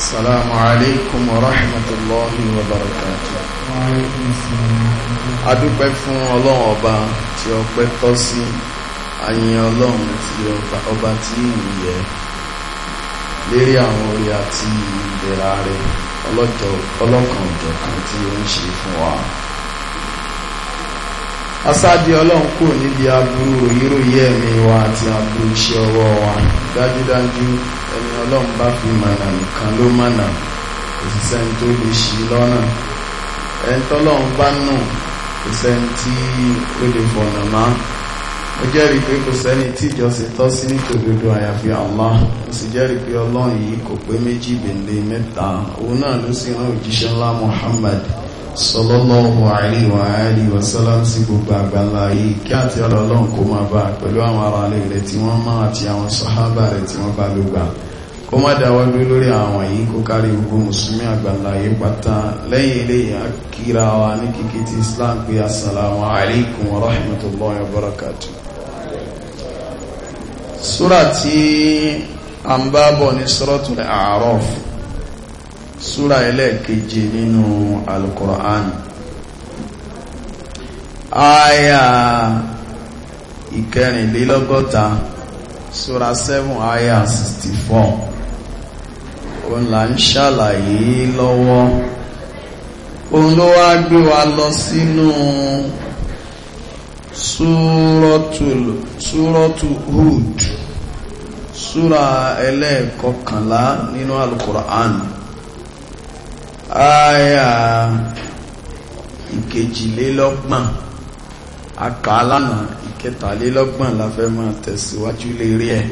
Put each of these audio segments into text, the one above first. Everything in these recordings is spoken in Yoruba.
السلام عليكم ورحمة الله وبركاته adúpẹ́ fún ọlọ́run ọba tí ọpẹ́ tọ́ sí àyìn ọlọ́run tí ọba tí ìlú yẹ lérí àwọn orí àti ìdẹ̀ra rẹ̀ ọlọ́kan ọ̀jọ̀kan tí ó ń ṣe fún wa asáde ọlọ́run kò níbi aburú òyíròyé ẹ̀mí wa àti aburú iṣẹ́ ọwọ́ wa dájúdájú ẹni ọlọ́run bá fi mànà nìkan ló mànà òṣìṣẹ́ tó lè ṣí lọ́nà ẹni tọ́lọ́run bá nù òṣìṣẹ́ tí ó lè fọ̀nà má ó jẹ́rìí pé kò sẹ́ni tí ìjọsìn tọ́ sí nítòdodo àyàfi Allah ó sì jẹ́rìí pé ọlọ́run yìí kò pé méjì bèlè mẹ́ta òun náà ló sì rán òjíṣẹ́ ńlá Muhammad sọlọ́lọ́hùn àríwá àárí wàsálàm sí gbogbo àgbàlá yìí kí àti ọlọ́lọ́hùn kó máa bá pẹ̀lú àwọn ará alẹ́ rẹ̀ tí wọ́n máa àti àwọn sàhábà rẹ̀ tí wọ́n bá ló gbà kó má dáwọ́dú lórí àwọn yìí kó kárí gbogbo mùsùlùmí àgbàlá yìí pátá lẹ́yìn eléyìí súra ẹlẹ́ẹ̀keje nínú Al-Qur'an àyà ìkẹrìnlélọ́gọ́ta súra 7 àyà 64 òun là ń ṣàlàyé lọ́wọ́ òun ló wá gbé wa lọ sínú súrọ́tù Hud súra ẹlẹ́ẹ̀kọkànlá nínú Al-Qur'an àyà ìkejìlélọ́gbọ̀n àkàlànà ìkẹtàlélọ́gbọ̀n la fẹ́ máa tẹ̀síwájú lérí ẹ̀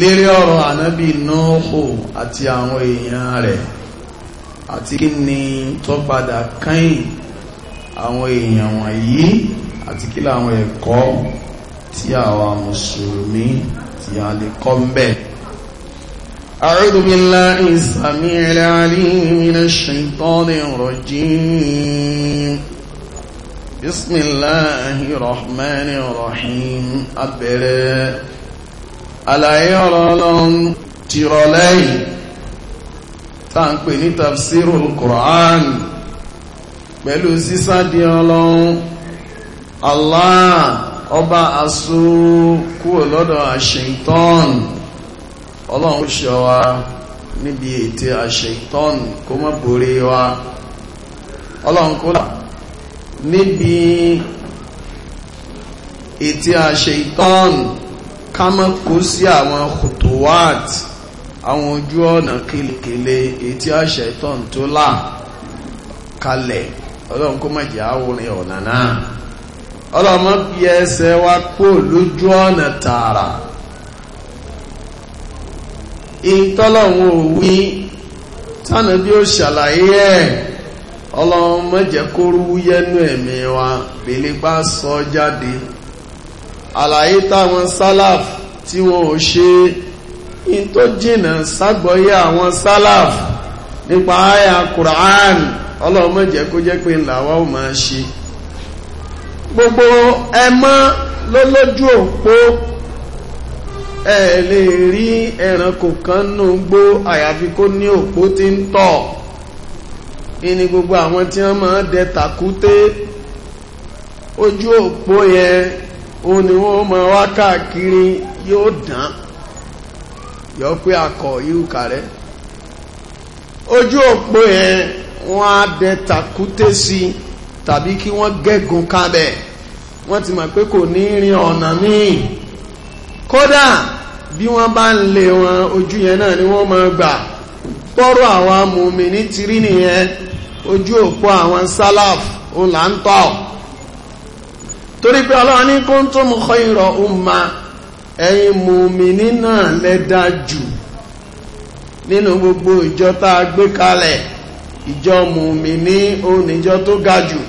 lérí ọ̀rọ̀ ànábì Nóòhù àti àwọn èèyàn rẹ̀ àti kí ni tó padà kẹ́yìn àwọn èèyàn wọ̀nyí àti kí làwọn ẹ̀kọ́ tí àwa mùsùlùmí tí a kọ́ mbẹ̀ أعوذ بالله السميع العليم من الشيطان الرجيم بسم الله الرحمن الرحيم أبرى ألا يرى لهم تيرولي تنقل تفسير القرآن pẹ̀lú sísádi الله أبا أسو asúkú lọ́dọ̀ àṣìntọ́nù ọlọ́run ṣe wa níbi ètè àṣẹ ìtọ́nù kó mọ́ borí wa ọlọ́run kó là níbi ètè àṣẹ ìtọ́nù ká mọ́ kó sí àwọn kòtòwáàt àwọn ojú ọ̀nà kìlìkìlì ètè àṣẹ tó là kalẹ̀ ọlọ́run kó mọ̀ jẹ́ àwòrán ọ̀nà náà ọlọ́run mọ́ bí ẹsẹ̀ wa kó lójú ọ̀nà tààrà ìtọ́lọ́run ò wí tánà bí ó ṣàlàyé ẹ̀ ọlọ́run mọ́jẹ́ kó rú yẹ́nu ẹ̀mí wa bèlépá sọ jáde àlàyé táwọn sálàf tí wọn ò ṣe in tó jìnà ságbọ́yé àwọn sálàf nípa àyà Qur'an ọlọ́run mọ́jẹ́ kó jẹ́ pé làwa ò máa ṣe gbogbo ẹmọ́ lólójú òpó ẹ lè rí ẹranko kan nù gbó àyàfi kó ní òpó tí ń tọ̀ ní gbogbo àwọn tí wọ́n máa dẹ tàkúté ojú òpó yẹn o ni wọ́n máa wá káàkiri yóò dán yọ pé akọ ìhùkà rẹ ojú òpó yẹn wọ́n á dẹ tàkúté sí tàbí kí wọ́n gẹ́gun kábẹ̀ wọ́n ti mọ̀ pé kò ní rin ọ̀nà míì. kódà bí wọ́n bá ń lé wọn ojú yẹn náà ni wọ́n máa gbà pọ́rọ̀ àwọn mùmìnì ti rí nìyẹn ojú òpó àwọn sálàf ó là ń tọ̀ torí pé ọlọ́run ní kuntum khayra umma ẹ̀yìn mùmìnì náà lẹ́dá jù nínú gbogbo ìjọ gbé kalẹ̀ ìjọ mùmìnì oníjọ tó ga jù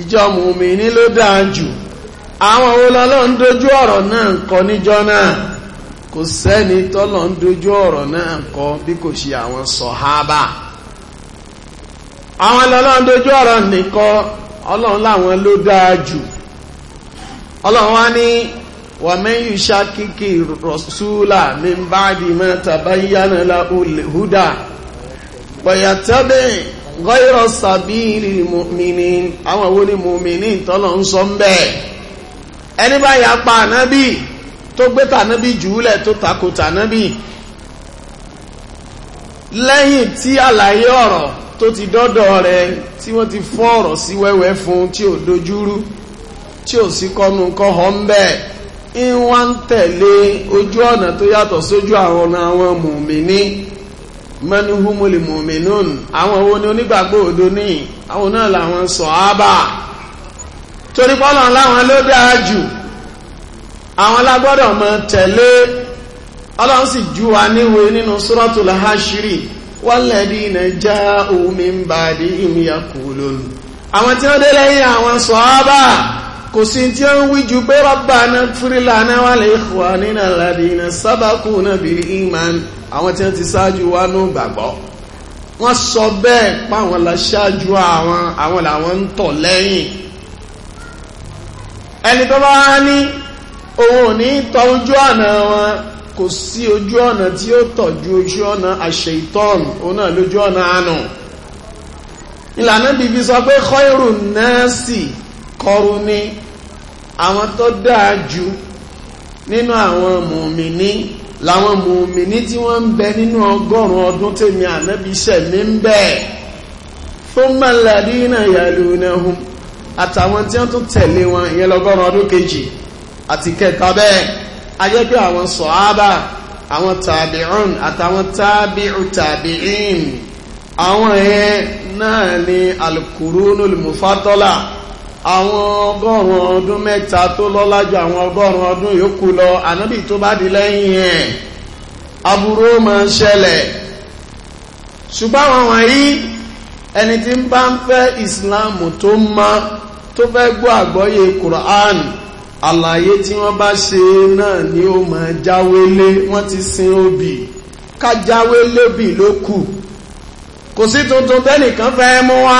ìjọ mùmìnì ló dáa jù àwọn olọ́lọ́ ń dojú ọ̀rọ̀ náà kọ níjọ́ náà kò sẹ́ni tọ́lọ̀ ọ̀rọ̀ náà kọ bí kò ṣe àwọn sọ̀hábà àwọn olọ́lọ́ dojú ọ̀rọ̀ nìkọ ọlọ́run láwọn ló dáa jù ọlọ́run wá ní rọ̀súlà ní báàdì mẹ́ta yánà pẹ̀yàtẹ́bẹ̀ sàbí ìrìn mọ̀mìnì ẹni bá yà pa ànábì tó gbé tànábì jùúlẹ̀ tó takò tànábì lẹ́yìn tí àlàyé ọ̀rọ̀ tó ti dọ́dọ̀ rẹ̀ tí wọ́n ti fọ́ ọ̀rọ̀ sí wẹ́wẹ́ fún tí ò dojúrú tí ò sí kọnu kọ́họ́ ń bẹ́ẹ̀ ń wá ń tẹ̀lé ojú ọ̀nà tó yàtọ̀ sójú àwọn ọ̀nà àwọn mùmíní mẹ́nuhúmùlì mùmínún àwọn wo ni onígbàgbọ́ òdo ní àwọn náà làwọn sọ̀hábà torí pọ́lọ̀ láwọn ló dáa jù àwọn lágbọ́dọ̀ mọ tẹ̀lé ọlọ́run sì ju wa níwe nínú suratul hashiri walladina ja'u min ba'dihim yaqulun àwọn tí wọ́n dé lẹ́yìn àwọn sọ́ọ́bà kò sí tí ó ń wí ju pé rabbana firi lana wa li ikhwanina alladina sabaquna bil iman àwọn tí wọ́n ti ṣáájú wa ní gbàgbọ́ wọ́n sọ bẹ́ẹ̀ páwọn la àwọn àwọn làwọn ń tọ̀ lẹ́yìn ẹni tó bá wá ní òun ò ní tọ ojú ọ̀nà wọn kò sí ojú ọ̀nà tí ó tọ̀ ju ojú ọ̀nà àṣẹ ìtọ́ọ̀nù òun náà lójú ọ̀nà àánú ìlànà bíbí sọ pé kọ́ìrù nẹ́ẹ̀sì kọrù ní àwọn tó dáa jù nínú àwọn mùmìní láwọn mùmìní tí wọ́n ń bẹ nínú ọgọ́rùn-ún ọdún tèmi ànábìṣẹ́ mi ń bẹ fún mọ́lẹ́dínà yàlúnahùn àtàwọn tí wọ́n tún tẹ̀lé wọn ìyẹn lọ́gọ́rùn ọdún kejì àti kẹta bẹ́ẹ̀ ajẹ́ pé àwọn sọ̀hábà àwọn tàbíùn àtàwọn tàbíù tàbíìn àwọn yẹn náà ni al-qurunul mufaddala àwọn ọgọ́rùn ọdún mẹ́ta tó lọ́lá ju àwọn ọgọ́rùn ọdún yòókù lọ ànábì tó bá di lẹ́yìn ẹ̀ aburú máa ń ṣẹlẹ̀ ṣùgbọ́n àwọn wọ̀nyí ẹni tí ń bá ń fẹ́ islam tó má tó fẹ́ gbọ́ àgbọ́yé quran àlàyé tí wọ́n bá ṣe náà ni ó máa jáwélé wọ́n ti sin obì ká jáwélébì ló kù kò sí tuntun tẹ́nìkan fẹ́ mú wá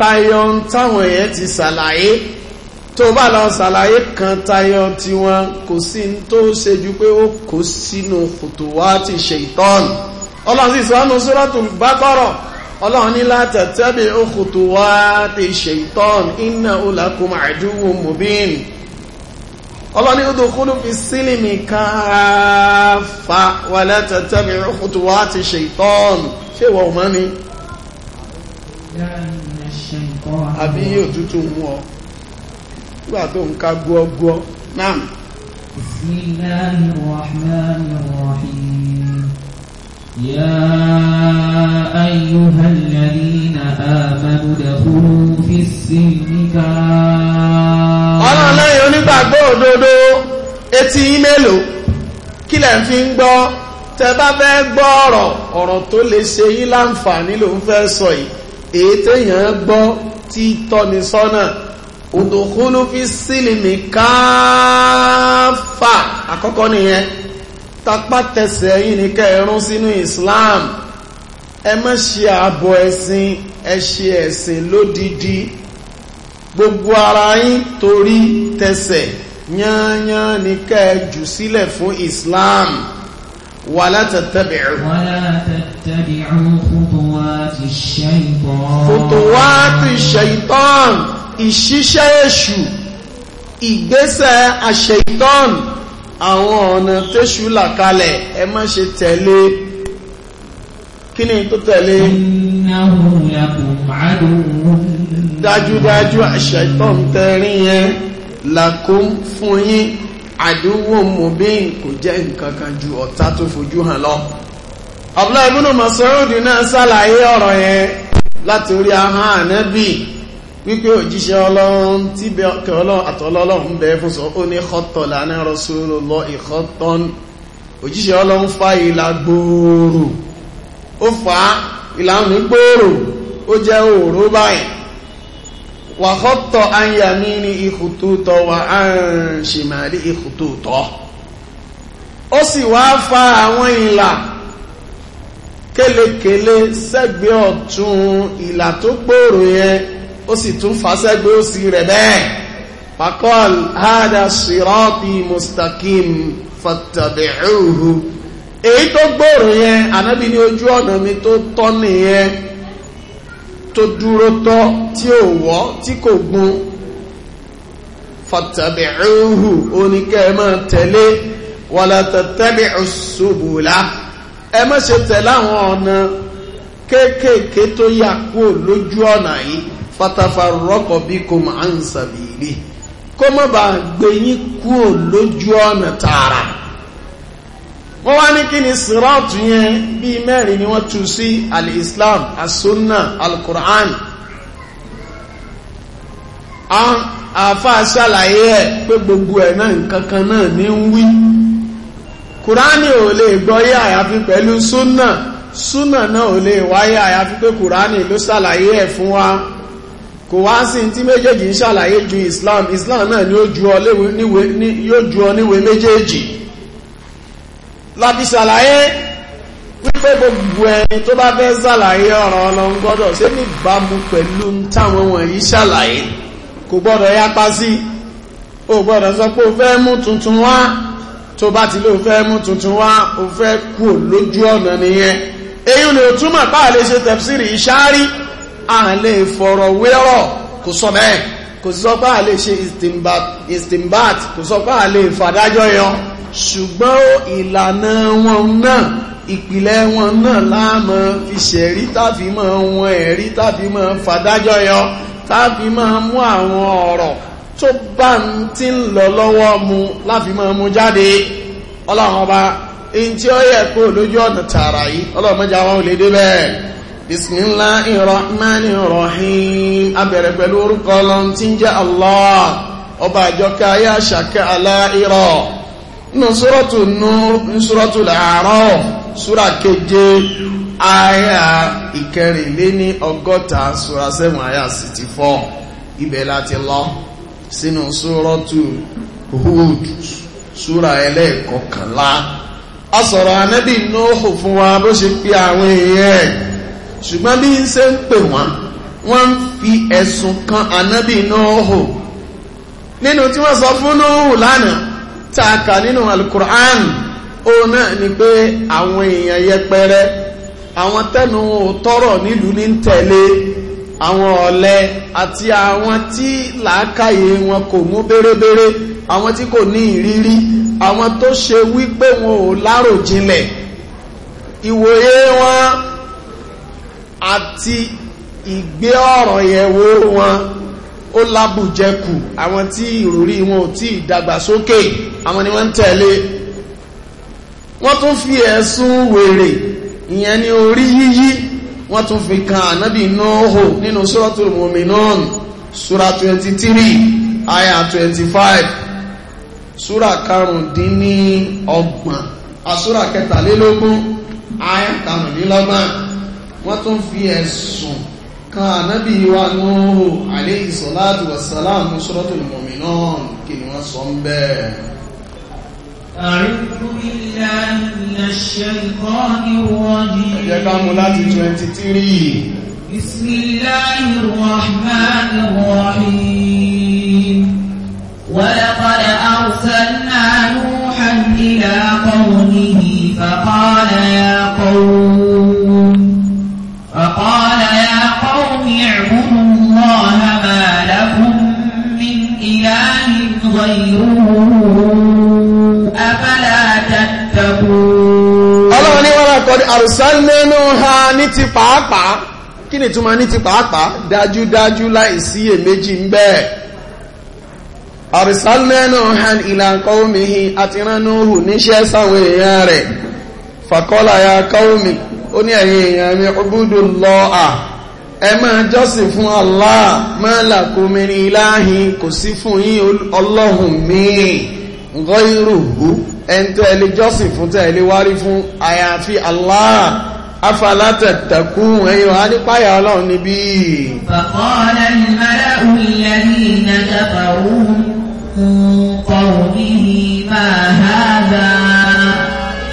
tayọ táwọn èèyàn ti ṣàlàyé tó bá lọ ṣàlàyé kan tayọ tiwọn kò sí tó ṣe ju pé ó kó sínú kòtò wá ti ṣe ìtọ́nù ọlọ́run sì sọ́nù suratul Baqara ọlọ́run ní látẹ̀tẹ́bì òkùtù wá ti ṣètọ́n iná olàkùn àjúwò mubin ọlọ́ni ó dókúrú fi sílìmì káàfà wà látẹ̀tẹ́bì òkùtù wá ti ṣètọ́n ṣe ìwọ̀ ọmọ ni àbí yóò tútù mú ọ nígbà tó ń ká gbọ́gbọ́ náà يا أيها الذين آمنوا دخلوا في السلم كافة ọlọ́run lẹ́yìn onígbàgbọ́ òdodo etí yín kí lẹ̀ fi ń gbọ́ tẹ bá fẹ́ gbọ́ ọ̀rọ̀ ọ̀rọ̀ tó lè ṣe yín láǹfààní ló ń fẹ́ sọ yìí èyí téèyàn gbọ́ tí tọ́ni sọ́nà òdòkúlù fi sílìmì káfà àkọ́kọ́ nìyẹn tapá tẹsẹ̀ yín ní kẹrún sínú Islam ẹ má ṣe ààbọ̀ ẹ̀sìn ẹ ṣe ẹ̀sìn lódidi gbogbo ara yín torí tẹsẹ̀ yányán ní kẹjù sílẹ̀ fún Islam wala tattabi'u. wala tattabi'u khutuwati ìṣiṣẹ́ èṣù ìgbésẹ̀ àṣeyìtọ́n àwọn ọ̀nà tẹ́ṣù là kalẹ̀ ẹ má ṣe tẹ̀lé kí ni tó tẹ̀lé dájúdájú àṣẹ̀tọ́ tẹ̀rí yẹn lakum fún yín àdúwò mubin kò jẹ́ nǹkan kan ju ọ̀tá tó fojú hàn lọ Abdullahi ibn Mas'ud náà ṣàlàyé ọ̀rọ̀ yẹn láti orí ahọ́n Ànábì wípé òjíṣẹ́ ọlọ́run tí bẹ̀ọ̀kẹ́ ọlọ́run àtọ́lọ́lọ́run bẹ̀ẹ́ fún sọ ó ní kọ́tọ̀ lánà rọ́sùlọ́ ìkọ́tọ́n òjíṣẹ́ ọlọ́run fa ìlà gbòòrò ó fa ìlà mú gbòòrò ó jẹ́ òòró báyìí wà kọ́tọ̀ ayàmí ní ìkùtùtọ̀ wà áàrùn ọ̀tún ìlà tó gbòòrò yẹn ó sì tún fàṣẹ́gbé òsì rẹ̀ bẹ́ẹ̀ pakọ́l hádà sírọ́tì mustakim fattabi'uhu èyí tó gbòòrò yẹn ànábì ní ojú ọ̀nà mi tó tọ́ nìyẹn tó dúró tọ́ tí ò wọ́ tí kò gun fattabi'uhu oníkẹ́ ẹ máa tẹ̀lé wala tattabi'u ẹ má ṣe tẹ̀lé àwọn ọ̀nà kéékèèké tó yà kúrò lójú ọ̀nà yìí fatafarọ́kọ̀ bí kò máa ń sàbìlì kó má bàa gbé yín kúrò lójú ọ̀nà tààrà wọ́n wá ní kí ni sírọ́ọ̀tù yẹn bí mẹ́rin ni wọ́n tú sí al-islam as-sunna al-qur'an àfa ṣàlàyé ẹ̀ pé gbogbo ẹ̀ náà nǹkan náà ní ń wí kùránì ò lè gbọ́yé àyàfi pẹ̀lú súnà súnà náà ò lè wáyé àyàfi pé kùránì ló ṣàlàyé ẹ̀ fún wa kò wá sí tí méjèèjì ń ṣàlàyé ju islam islam náà ni yóò ju ọ níwèé méjèèjì láti ṣàlàyé wípé gbogbo ẹni tó bá fẹ́ ṣàlàyé ọ̀rọ̀ ọlọ́run gbọ́dọ̀ ṣe ní ìbámu pẹ̀lú táwọn wọ̀nyí ṣàlàyé kò gbọ́dọ̀ yápa sí o gbọ́dọ̀ sọ pé o fẹ́ mú tuntun wá tó bá ti ló fẹ́ mú tuntun wá o fẹ́ kú lójú ọ̀nà nìyẹn èyí ni ò túmọ̀ páà lè ṣe tẹ̀fsìrì ìṣáárí a lè fọ̀rọ̀ wérọ̀ kò sọ bẹ́ẹ̀ kò sọ pé a lè ṣe istimbat kò sọ pé a lè fàdájọ́ yan ṣùgbọ́n ìlànà wọn náà ìpìlẹ̀ wọn náà láàmà fi ṣẹ̀rí tàbí mọ́ wọn ẹ̀rí tàbí mọ́ fàdájọ́ yan tàbí mọ́ mú àwọn ọ̀rọ̀ tó bá ń tí ń lọ lọ́wọ́ mu láfi mọ́ mu jáde ọlọ́run ọba in tí ó yẹ kó lójú ọ̀nà tààrà yìí ọlọ́run mọ́jà wọn ò lè dé bẹ́ẹ̀ bisimilahi rahmani rahim abẹ̀rẹ̀ pẹ̀lú orúkọ ọlọ́run tí ń jẹ́ allah ọba àjọkẹ́ ayé àṣàkẹ́ aláìrọ̀ nínú sọ́rọ̀tù keje àyà ìkẹrìnlé ní ọgọ́ta súra sẹ́wọ̀n àyà 64 ibẹ̀ láti lọ sínú sọ́rọ̀tù Hud súra ẹlẹ́ẹ̀kọkànlá a sọ̀rọ̀ anẹ́bì fún wa ṣùgbọ́n bí ń ṣe ń pè wọ́n wọ́n ń fi ẹ̀sùn kan ànábì Nóòhù nínú tí wọ́n sọ fún Nóòhù lánàá tá a kà nínú alukur'an òun náà ni pé àwọn èèyàn yẹpẹrẹ àwọn tẹnu tọrọ nílùú ní tẹ̀lé àwọn ọ̀lẹ àti àwọn tí làákàyè wọn kò mú bérebére àwọn tí kò ní ìrírí àwọn tó ṣe wípé wọn ò láròjinlẹ̀ ìwòye àti ìgbé ọ̀rọ̀ yẹn wó wọn ó lábùjẹkù àwọn tí ìròrí wọn ò tí ìdàgbàsókè àwọn ni wọ́n ń tẹ̀lé wọ́n tún fi ẹ̀sùn wèrè ìyẹn ni orí yíyí wọ́n tún fi kan ànábì nóòhò nínú suratul mu'minun sura 23 aya 25 sura karùndínní ọgbọ̀n àsúra kẹtàlélógún aya karùndínlọ́gbọ̀n wọ́n tún fi ẹ̀sùn kan ànábì wa Nuhu alayhi salatu wassalam Suratul Mu'minun kí ni wọ́n sọ ń bẹ́ẹ̀ Ẹjẹ́ ká mú láti 23. Bismillahir Rahmanir Rahim. Wa laqad arsalna Nuhan ila qawmihi faqala غيره أفلا تتقون الله ni wọ́n kọ́ àrùsánlẹ́nu ha ní ti pàápàá kí ni túnmọ̀ ní ti pàápàá dájúdájú láìsí èméjì ń bẹ́ẹ̀ àrùsánlẹ́nu ha ìlànkọ́ omi àtiránúhù níṣẹ́ sáwọn èèyàn rẹ̀ fàkọ́lá ya kọ́ omi ó ní ẹ̀yìn èèyàn mi ọgbúdùn lọ́à ẹ máa jọ́sìn fún Allah máa làkómìnrin láàáhìn kò sí fún yín ọlọ́hun míì ghayruhu ẹni tó ẹlẹ́ jọ́sìn fún tẹ́ ẹlẹ́ wárí fún àyàfi Allah afala tattaqun ẹ̀yọ̀ anípáyà ọlọ́run níbí. فقال الملأ الذين كفروا من قومه ما هذا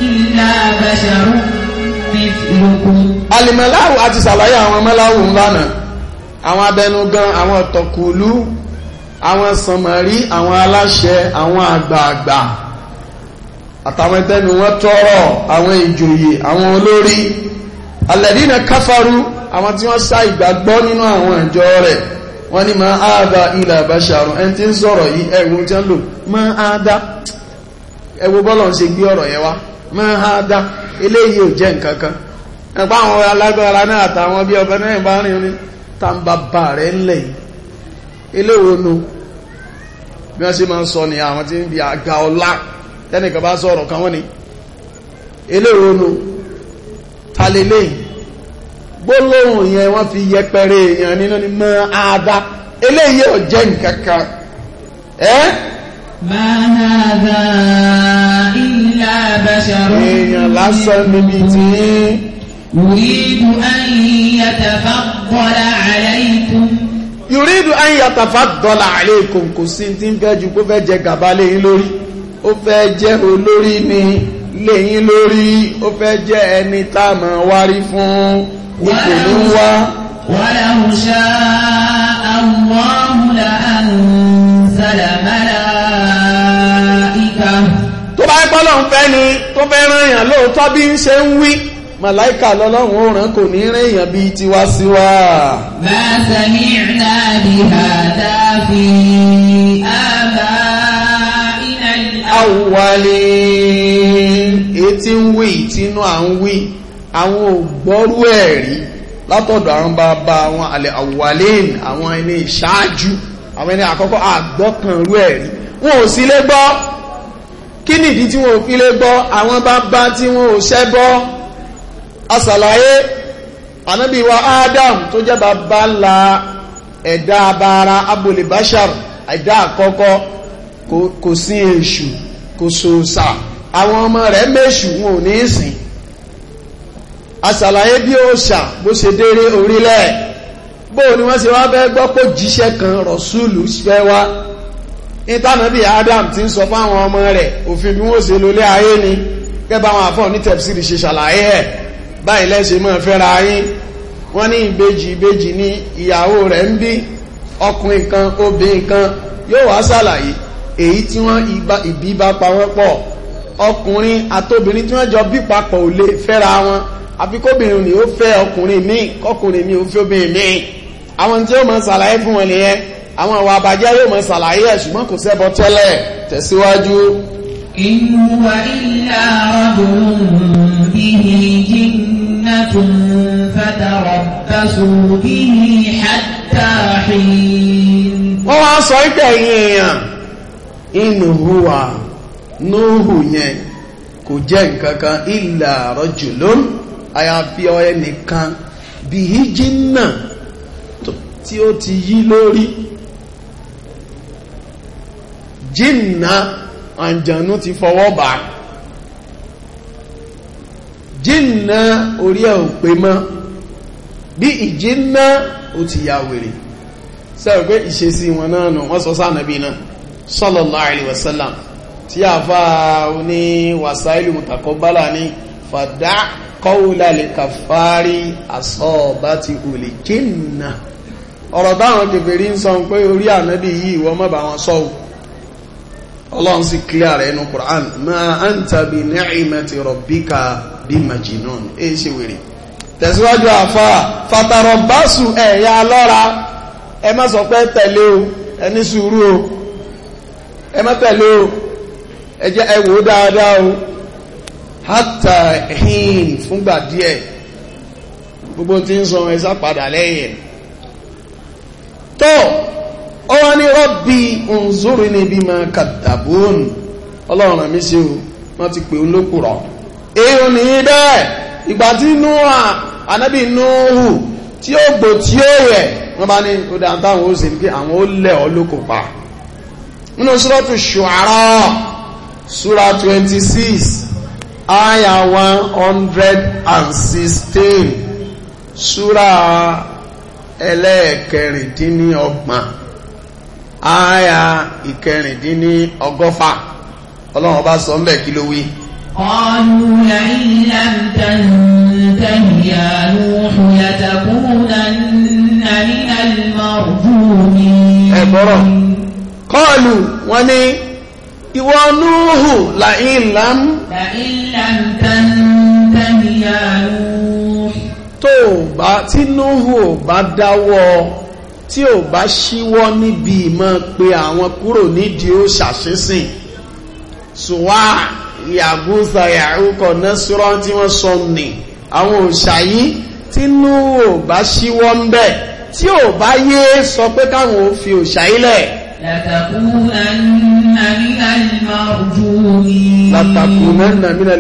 إلا بشر مثلكم alìmọ̀láwù àti sàlàyé àwọn mọ́láwù ńlánà àwọn abẹnugan àwọn awon àwọn awon àwọn aláṣẹ àwọn àgbààgbà àtàwọn ẹtẹnu wọn tọrọ àwọn ìjòyè àwọn olórí alẹ́dínà káfàrú àwọn tí wọ́n sá ìgbàgbọ́ nínú àwọn ìjọ rẹ̀ wọ́n ní máa áàdá ilẹ̀ àbáṣàrùn ẹni tí ń sọ̀rọ̀ yìí ẹ̀wò tí ń lò máa áàdá ẹwọ bọ́lọ̀ ń ṣe gbé yẹn wá máa eléyìí ẹ̀pá àwọn alágbára náà àtàwọn bí ọbẹ̀ náà bá rìn ní tàǹbàbà rẹ̀ ńlẹ̀ eléwòónú bí wọ́n sì máa ń sọ ní àwọn tí ń bí àga ọlá tẹ́nìkan bá sọ̀rọ̀ kan wọ́n ni eléwòónú talélé gbólóhùn yẹn wọ́n fi yẹpẹrẹ èèyàn nínú ni mọ́ àádá eléyìí ò jẹ́ nǹkankan ẹ́ bánàdà ilẹ̀ àbẹ̀ṣẹ̀rọ̀ èèyàn lásán níbi tí يريد أن يتفضل عليكم yùrídù ayàtàfà dọ́là àlékún kò sí tí ń fẹ́ ju kó fẹ́ jẹ gàba léyìn lórí ó fẹ́ jẹ́ olórí ni léyìn lórí ó fẹ́ jẹ́ ẹni tá a máa wárí fún ipò ló ń wá. wàlá ṣá àwọn àǹsàlà mẹ́ra ìka. tó bá gbọ́ lọ́n fẹ́ ni tó fẹ́ ràn yàn lóòótọ́ bí ń ṣe ń wí màláìkà lọ́lọ́run ó rán kò ní rán èèyàn bíi tiwa sí wa. ma sami'na bihadha fi aba'ina al-awwalin. etí ń wí ìtinú à ń wí àwọn ògbọ́rú ẹ̀rí látọ̀dọ̀ àwọn bàbá àwọn alẹ́ àwàlẹ́n àwọn ẹni ìṣáájú àwọn ẹni àkọ́kọ́ àgbọ́kànrú ẹ̀rí wọn ò sí lé gbọ́ kí nìdí tí wọn ò fi lé gbọ́ àwọn bàbá tí wọn ò ṣẹ́ bọ́ asàlàyé ànábì wa Adam tó jẹ́ bàbá ńlá ẹ̀dá abara abul bashar ẹ̀dá àkọ́kọ́ kò sí èṣù kò sòsà àwọn ọmọ rẹ̀ méṣù wọn ò ní sìn asàlàyé bí òòṣà bó ṣe déré orílẹ̀ bó ni wọ́n ṣe wá fẹ́ gbọ́ pé jíṣẹ́ kan rọ̀súùlù fẹ́ wá ìtànàbí Adam ti ń sọ fáwọn ọmọ rẹ̀ òfin bí wọ́n ṣe lólé ayé ni kẹ́bà àwọn àfọ̀ ní tẹ̀psìrì ṣe ṣàlàyé ẹ̀ báyìí lẹ́sẹ̀ mọ́ fẹ́ra yín wọ́n ní ìbejì ìbejì ní ìyàwó rẹ̀ ń bí ọkùnrin kan obìnrin kan yóò wá sàlàyé èyí tí wọ́n ìbí bá pa wọ́n pọ̀ ọkùnrin àtobìnrin tí wọ́n jọ bí papọ̀ ò lè fẹ́ra wọn àfi kóbìnrin ni ó fẹ́ ọkùnrin míì kọkùnrin mi ò fẹ́ obìnrin míì àwọn tí ó mọ̀ sàlàyé fún wọn nìyẹn àwọn àwọn àbájá yóò mọ̀ sàlàyé ẹ̀ ṣùgbọ́n kò sẹ́bọ tẹ́lẹ̀ tẹ̀síwájú. ìwà ìlà ọdún bíi jíǹ فتنة فتربصوا به حتى حين wọ́n wá sọ ìpẹ́ èèyàn ìnùhùwà nóòhù yẹn kò jẹ́ nǹkankan ìlà àrọ́jù ló ń àyàfi ọ̀rẹ́ nìkan bí i tí ó ti yí lórí jìnnà àǹjànú ti fọwọ́ bàá jìnnà orí ẹ̀ ò pé mọ́ bí ìjìnnà ó ti ya wèrè sẹ́rọ̀ pé ìṣesí wọn náà nù wọ́n sọ sánàbí náà sallallahu alaihi wasallam tí a fà ní wàsáìlì mùtàkọ́bálà ní fàdá kọ́wùlà kàfàárí àsọ́ọ̀bá ti olè jìnnà ọ̀rọ̀ táwọn kèfèrí ń sọ pé orí ànábì yìí wọ́n mọ́bà wọn sọ́wọ́ ọlọ́run sì clear rẹ̀ nínú Qur'an ma anta bi ni'mati rabbika bi majnun èyí ṣe wèrè tẹ̀síwájú àfà fatarabbasu ẹ̀yà lọ́ra ẹ má sọ pé tẹ̀lé o ẹ ní sùúrù o ẹ má tẹ̀lé o ẹ jẹ́ ẹ wò dáadáa o hatta hin fúngbà díẹ̀ gbogbo tí ń sọ ẹ sá padà lẹ́yìn tó ó wá ní rọ́bì ǹzúrì níbi máa kàtàbùn ọlọ́run sí o wọ́n ti pè olókùrọ̀ èèyàn ní bẹ́ẹ̀ ìgbà tí núhà anábì hù tí ó gbò tí ó rẹ̀ wọ́n bá ní ọdá táwọn ó sì ń àwọn ó lẹ̀ ọ́ pa nínú sọ́tù àyà ìkẹrìndínní ọgọ́fà ọlọ́run bá sọ mbẹ̀ kí ló wí. قالوا لئن لم تنته يا نوح لتكونن من المرجومين ẹ̀bọ̀rọ̀ قالوا wọ́n ní ìwọ núhù لئن لم لئن لم تنته يا نوح bá tí núhù bá dáwọ́ tí ò bá ṣíwọ́ níbi ìmọ̀ pé àwọn kúrò nídìí ó ṣàṣísìn ṣùwá ìyàgúsà ìyàrúkọ̀ nẹ́sùrọ̀ tí wọ́n sọ nì àwọn òṣà yìí tínú ò bá ṣíwọ́ ń bẹ̀ tí ò bá yé sọ pé káwọn ò fi òṣà yìí lẹ̀. látàkùnánà mínàlì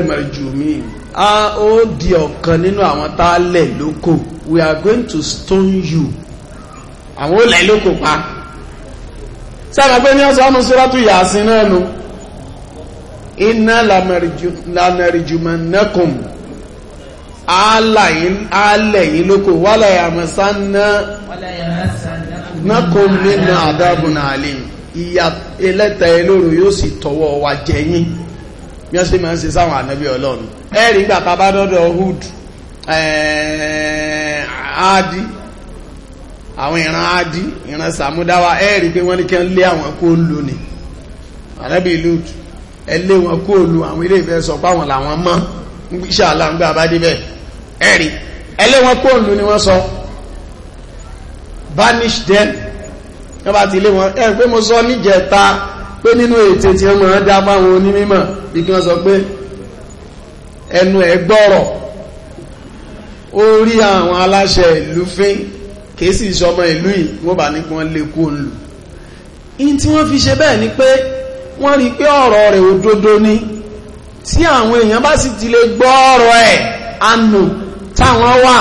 màrìjùmí a ó di ọ̀kan nínú àwọn tá a lẹ̀ lóko we are going to stone you àwọn ó lẹ̀ lóko pa sábà pé ní ọ̀sán ọ̀nà sọ́rọ́tù yàásín náà nu iná lanàrìjùmọ̀nẹ́kùn alẹ̀yìn lóko wálẹ̀ àmọ́sán nákùn nínú àdábùn àlè ìyà ẹlẹ́ta ẹlòrò yóò sì tọwọ́ wa jẹyìn bí wọ́n sì ń ṣe sáwọn ànábì ọlọ́run ẹ̀rí gbà tá ẹ̀ẹ́ adi àwọn ìran adi ìran sàmúdáwà ẹ̀rí pé wọ́n ní kí wọ́n lé àwọn kó lò ní ànábì Lut ẹ lé wọn kó lò àwọn ilé ìfẹ́ sọ páwọn làwọn mọ́ ṣàlá ń gbé abádé bẹ́ẹ̀ ẹ̀rí ẹ wọn kó lò ní wọ́n sọ banish them wọ́n bá ti lé wọn ẹ̀ pé mo sọ níjẹta pé nínú ètè tí wọ́n máa dá fáwọn onímọ̀ bí kí wọ́n sọ pé ẹnu ẹ̀ gbọ́rọ̀ ó àwọn aláṣẹ ìlú fín kèésì ìṣọmọ ìlú yìí wọ́n bá ní kí wọ́n lè kó ń in tí wọ́n fi ṣe bẹ́ẹ̀ ni pé wọ́n rí pé ọ̀rọ̀ rẹ̀ òdodo ni tí àwọn èèyàn bá sì ti lè gbọ́ ọ̀rọ̀ ẹ̀ ànù táwọn wà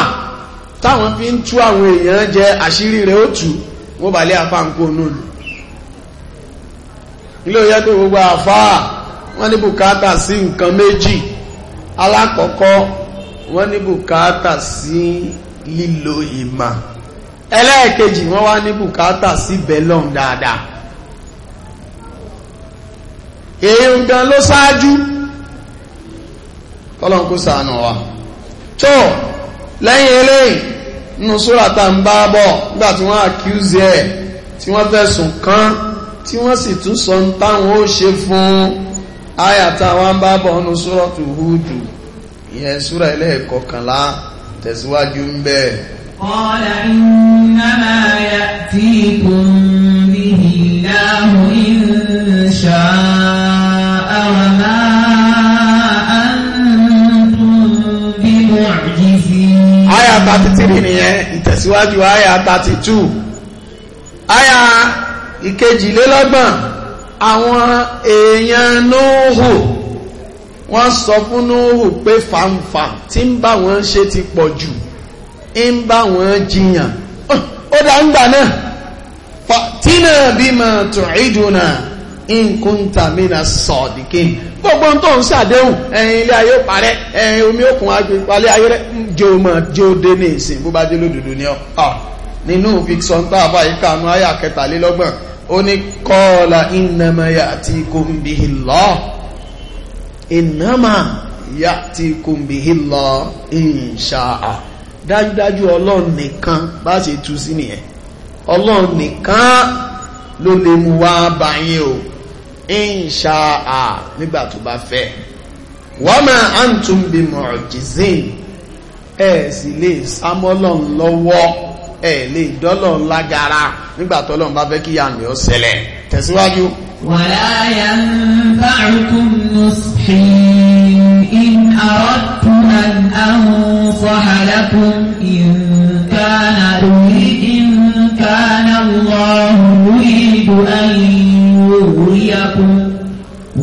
táwọn fi ń tú àwọn èèyàn jẹ àṣírí rẹ̀ ó tú wọ́n bá lé apá nǹkó náà lù ilé òye pé gbogbo àfáà wọ́n ní bùkátà sí nǹkan méjì alákọ̀ọ́kọ́ wọ́n ní bùkátà sí lílo ìmọ̀ ẹlẹ́ẹ̀kejì wọ́n wá ní bùkátà sí belong dáadáa èyí gan ló ṣáájú kọ́lọ́n kó wa tó lẹ́yìn eléyìí nínú sóràtà ń bá bọ̀ nígbà tí wọ́n àkíúzì ẹ̀ tí wọ́n fẹ̀sùn kàn tí wọ́n sì tún sọ ń táwọn ó ṣe fún àyàtà wọn bá bọ̀ nínú sóràtù húdù ìyẹn súrà tẹ̀síwájú ń قال إنما يأتيكم به الله إن شاء وما أنتم بمعجزين آية 33 نية ìtẹ̀síwájú آية 32 آية ìkejìlélọ́gbọ̀n àwọn èèyàn nóòhù wọ́n sọ fún nóòhù pé fàǹfà tí ń bá wọn ṣe ti pọ̀ jù ń bá wọn jiyàn ó dá ń gbà náà fàtínà bima tu'iduna in kunta mina sadiqin gbogbo tó ń ṣàdéhùn ẹ̀yìn ilé ayé parẹ́ ẹ̀yìn omi òkun agbègbàlẹ̀ ayé rẹ̀ jẹ́ o jẹ́ o dé ní ìsìn bó bá dé lódòdó ní ọ́ nínú fiction tó àbá yìí kànú ayé àkẹtàlélọ́gbọ̀n ó ní qala innama ya'tikum bihi Allah innama ya'tikum bihi Allah in sha'a dájúdájú ọlọ́run nìkan bá ṣe tú sí nìyẹn ọlọ́run nìkan ló lè mú wá bá yín o inṣáà nígbà tó bá fẹ́ wama antum bi mu'jizin ẹ sì lè sámọ́lọ́n lọ́wọ́ ẹ lè dọ́lọ́n lágara nígbà tọ́lọ́n bá fẹ́ kí yàmì ó ṣẹlẹ̀ ولا ينفعكم نصحي إن أردت أن أنصح لكم إن كان إن كان الله يريد أن يغريكم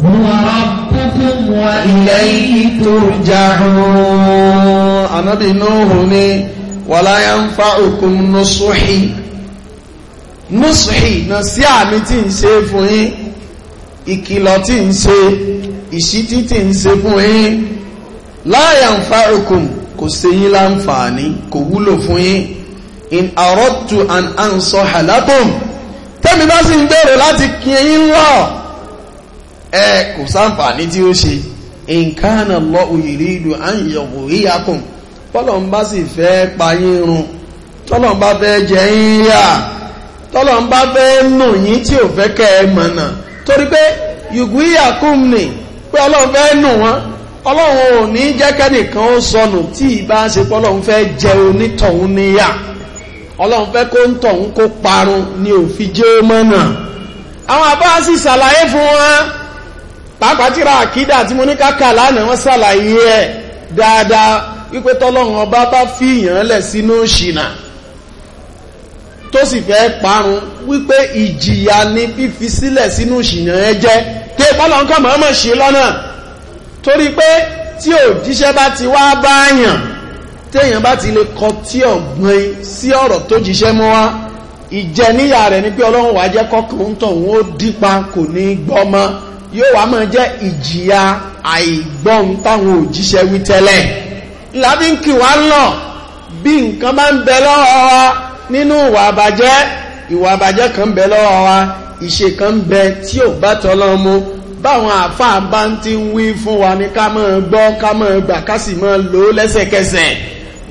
هو ربكم وإليه ترجعون أنا بنوه ولا ينفعكم نصحي نصحي نصيحة متين شيء ìkìlọ̀ tí ń ṣe ìṣítí tí ń ṣe fún yín láyàǹfàrùkùn kò ṣe yín láǹfààní kò wúlò fún yín in àrọ́tù an ansọ halatom tẹ́mi bá sì ń gbèrò láti kí yín lọ ẹ kò sáǹfààní tí ó ṣe nǹkan lọ òyìnrìndò àyẹ̀wò ìyàkùn tọ́lọ̀n bá sì fẹ́ payín run tọ́lọ̀n bá fẹ́ jẹ yín yà tọ́lọ̀n bá fẹ́ nù yín tí ò fẹ́ kẹ́ ẹ mọ̀nà torí pé yùgù ìyàkùn nì pé ọlọ́run fẹ́ nù wọ́n ọlọ́run ò ní jẹ́ kẹ́nìkan ó sọnù tí ìbá ṣe pé ọlọ́run fẹ́ jẹ onítọ̀hún níyà ọlọ́run fẹ́ kó ń ni òfin jẹ́ ó mọ́nà àwọn ṣàlàyé fún wọn pàápàá tíra àkídà tí mo lánàá wọn ṣàlàyé ẹ dáadáa wípé tọ́lọ́run ọba bá fìyàn lẹ̀ sínú ṣìnà tó sì fẹ́ parun wípé ìjìyà ni fífi sílẹ̀ sínú ìṣìnà ẹ jẹ́ tí ìpọ́lọ̀ ń kàn mọ́mọ́ ṣe lọ́nà torí pé tí òjíṣẹ́ bá ti wá báyàn téèyàn bá ti lè kọ tí ọ̀gbìn sí ọ̀rọ̀ tó jíṣẹ́ mọ́ wá ìjẹníyà rẹ̀ ni pé ọlọ́run wàá jẹ́ kọ́kàn ń tàn ó dípa kò ní gbọ́mọ yóò wá máa jẹ́ ìjìyà àìgbọ́n táwọn òjíṣẹ́ wí tẹ́lẹ̀ lábí ń kì wá lọ bí nǹkan bá ń bẹ lọ́wọ́ nínú ìwà àbàjẹ́ ìwà àbàjẹ́ kan bẹ lọ́wọ́ wa ìṣe kan bẹ tí ò bá tọ́lọ́ mu báwọn àfáà bá ń ti wí fún wa ní ká máa gbọ́ ká máa gbà ká sì máa lò ó lẹ́sẹ̀kẹsẹ̀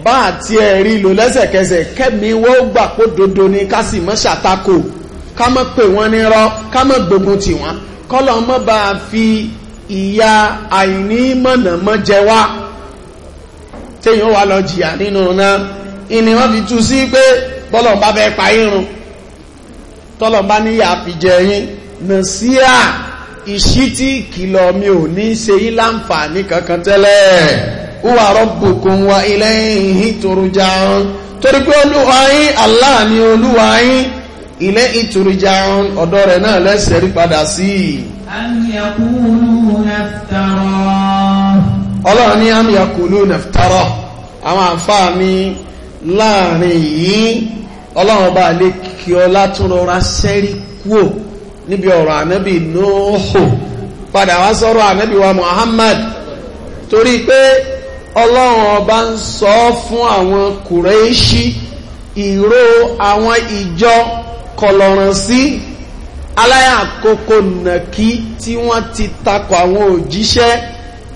bá àti ẹ̀rí lò lẹ́sẹ̀kẹsẹ̀ kẹ́mi wọ́n gbà pé dodo ni ká sì mọ́ ṣàtakò ká mọ́ pè wọ́n nírọ́ ká mọ́ gbógun tì wọ́n kọ́lọ́ mọ́ bá a fi ìyà àìní mọ̀nàmọ́ jẹ wá téèyàn wà lọ jìyà nínú náà ìní wọ́n fi tú sí pé bọ́lọ̀ bá fẹ́ pa irun tọ́lọ̀ bá níyà fi jẹ yín nà sí à ìṣítí ìkìlọ̀ mi ò ní ṣe yín láǹfààní kankan tẹ́lẹ̀ wúwa rabbukum wa ilayhi turja'un torí pé olúwa yín Allah ni olúwa yín ilé ìtùrìjàun ọ̀dọ̀ rẹ̀ náà lẹ́sẹ̀ rí padà sí ọlọ́run ní àmì yakulu naftara àwọn àǹfààní láàrin yìí ọlọ́run bá lè kí ọlá tún rọra sẹ́rí kúò níbi ọ̀rọ̀ ànábì nóòhò padà wá sọ́rọ̀ ànábì wa Muhammad torí pé ọlọ́run ọba ń sọ fún àwọn kùrẹ́ṣí ìró àwọn ìjọ kọlọ̀ràn sí aláyàkókò nàkí tí wọ́n ti takò àwọn òjíṣẹ́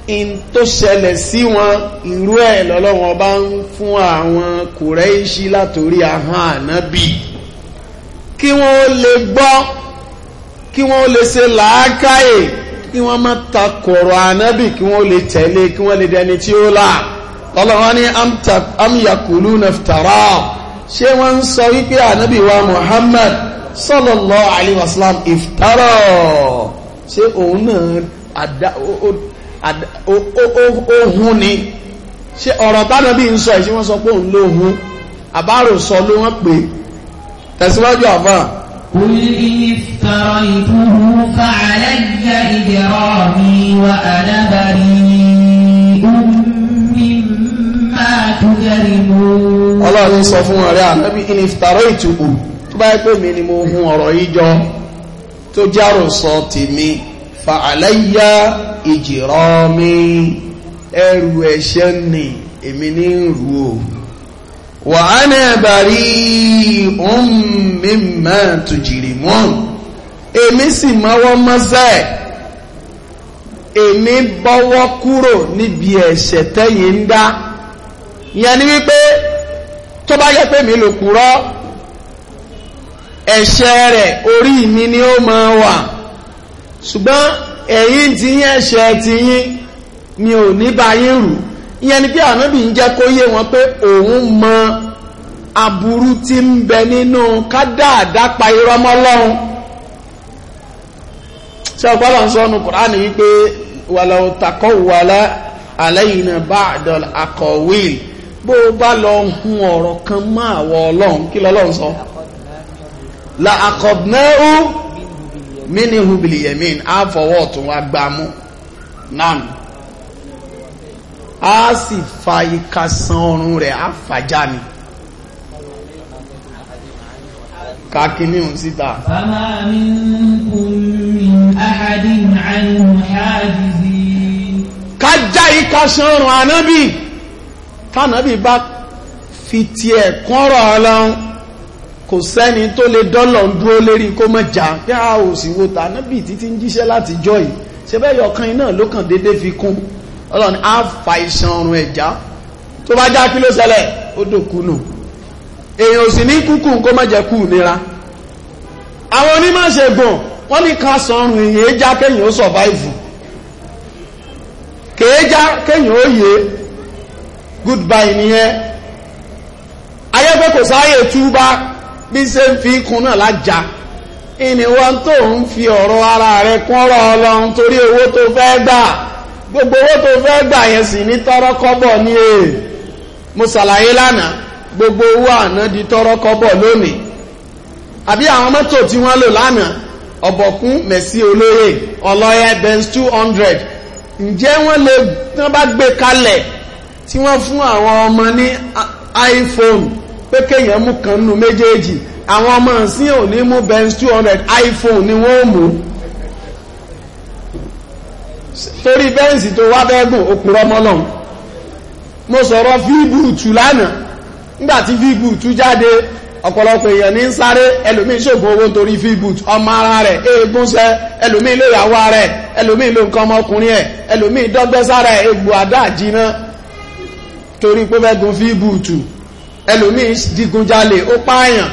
in tó ṣẹlẹ̀ sí wọn irú ẹ̀ lọ́lọ́wọ́n bá ń fún àwọn kùrẹ́ṣí látorí ahọ́n ànábì kí wọ́n lè gbọ́ kí wọ́n lè ṣe làákàyè kí wọ́n má ta kọ̀rọ̀ ànábì kí wọ́n lè tẹ̀lé kí wọ́n lè dẹni tí ó là lọ́lọ́wọ́n ní amyakulu naftara ṣé wọ́n ń sọ wípé ànábì wa Muhammad sallallahu alaihi wasallam iftara ṣé òun náà ohun ni ṣe ọ̀rọ̀ tánàbí ń sọ ìṣẹ́ wọ́n sọ pé òun lóhun àbárò sọ ló wọ́n pè tẹ̀síwájú àfà ọlọ́run sọ fún ọ̀rẹ́ ànábì ìnìfìtàrọ̀ ìtùkù tó bá yẹ pé mi ni mo hun ọ̀rọ̀ yìí tó járò sọ tèmi fàálẹ́yà ìjìrọ́mí ẹrù ẹ̀ṣẹ̀ ni èmi ní rú o wà á ní ẹ̀bàrí ohun mímọ̀ tó jìrì mọ́ èmi sì mọ́wọ́ mọ́sẹ̀ èmi bọ́wọ́ kúrò níbi ẹ̀ṣẹ̀ tẹ́yìn ń dá ìyẹn ni wípé tó bá yẹ pé mi lò kúrọ́ ẹ̀ṣẹ̀ rẹ̀ orí mi ni ó máa wà ṣùgbọ́n ẹ̀yin ti yín ẹ̀ṣẹ̀ ti yín mi ò ní bá yín rù ìyẹn ni pé ànábì ń jẹ́ kó yé wọn pé òun mọ aburú tí ń bẹ nínú kádàádá pa irọ́ mọ́ lọ́hùn ṣé ọ̀pọ̀ lọ́n sọ́nu kùránì wípé wàlọ́ takọ́ wàlá àlẹ́yìn náà bá àdọ́lá àkọ̀wéèlì bó o bá lọ hun ọ̀rọ̀ kan mọ́ àwọ̀ ọlọ́run kí lọ́lọ́run sọ la àkọ̀bùnáú mini hubili yemin á fọwọ́ ọ̀tún wa gbá mú náà á sì fa ika san ọrùn rẹ̀ á fàjá ni kakini ohun síta. fama minkum min ahadin anhu hajizin. ká já ika san ọrùn ànábì tánábì bá fi tiẹ̀ kọ́rọ̀ ọlọ́run kò sẹ́ni tó lè dọ́lọ̀ ń dúró lérí kó mọ̀ já pé a ò sì wo tà náà bì títí ń jíṣẹ́ láti jọ yìí ṣe bẹ́ẹ̀ yọkan iná ló kàn déédéé fi kún ọlọ́run á fa iṣan ọrùn ẹ̀já tó bá já kí ló ṣẹlẹ̀ ó dòkú nù èèyàn ò sì ní kúkú kó má jẹ kú nira àwọn onímọ̀ ṣègùn wọ́n ní ká sọrùn èèyàn já kéèyàn ó survive kéèjá kéèyàn ó yé goodbye nìyẹn ayẹ́fẹ́ kò sáyè túbá bí ṣe ń fi ikùn náà lájà ìníwọ́n tó ń fi ọ̀rọ̀ ara rẹ kún ọ̀rọ̀ ọlọ́run torí owó tó fẹ́ gbà gbogbo owó tó fẹ́ gbà yẹn sì ní tọ́rọ́kọ́bọ̀ ní e mo ṣàlàyé lánàá gbogbo owó àná di tọ́rọ́kọ́bọ̀ lónìí àbí àwọn mọ́tò tí wọ́n lò lánàá ọ̀bọ̀kún mẹ̀sí olóyè ọlọ́yẹ benz two hundred ǹjẹ́ wọ́n lè tán bá gbé kalẹ̀ tí wọ́n fún àwọn ọmọ ní pé kéèyàn mú kan nínú méjèèjì àwọn ọmọ ìsìn ò ní mú benz two hundred iphone ni wọ́n mú torí benz tó wá bẹ́gùn òpùrọ̀ mọ́lọ́n mo sọ̀rọ̀ fíbùtù lánàá nígbàtí fíbùtù jáde ọ̀pọ̀lọpọ̀ èèyàn ní sáré ẹlòmí ṣògbọ́n owó torí fíbùt ọmọ ara rẹ̀ eégúnṣẹ́ ẹlòmí ló yàwó rẹ̀ ẹlòmí ló nǹkan ọmọkùnrin ẹ̀ ẹlòmí dọ́gbẹ́sára egbò àdáàjínà torí pé ẹlòmíì digunjalè ó pààyàn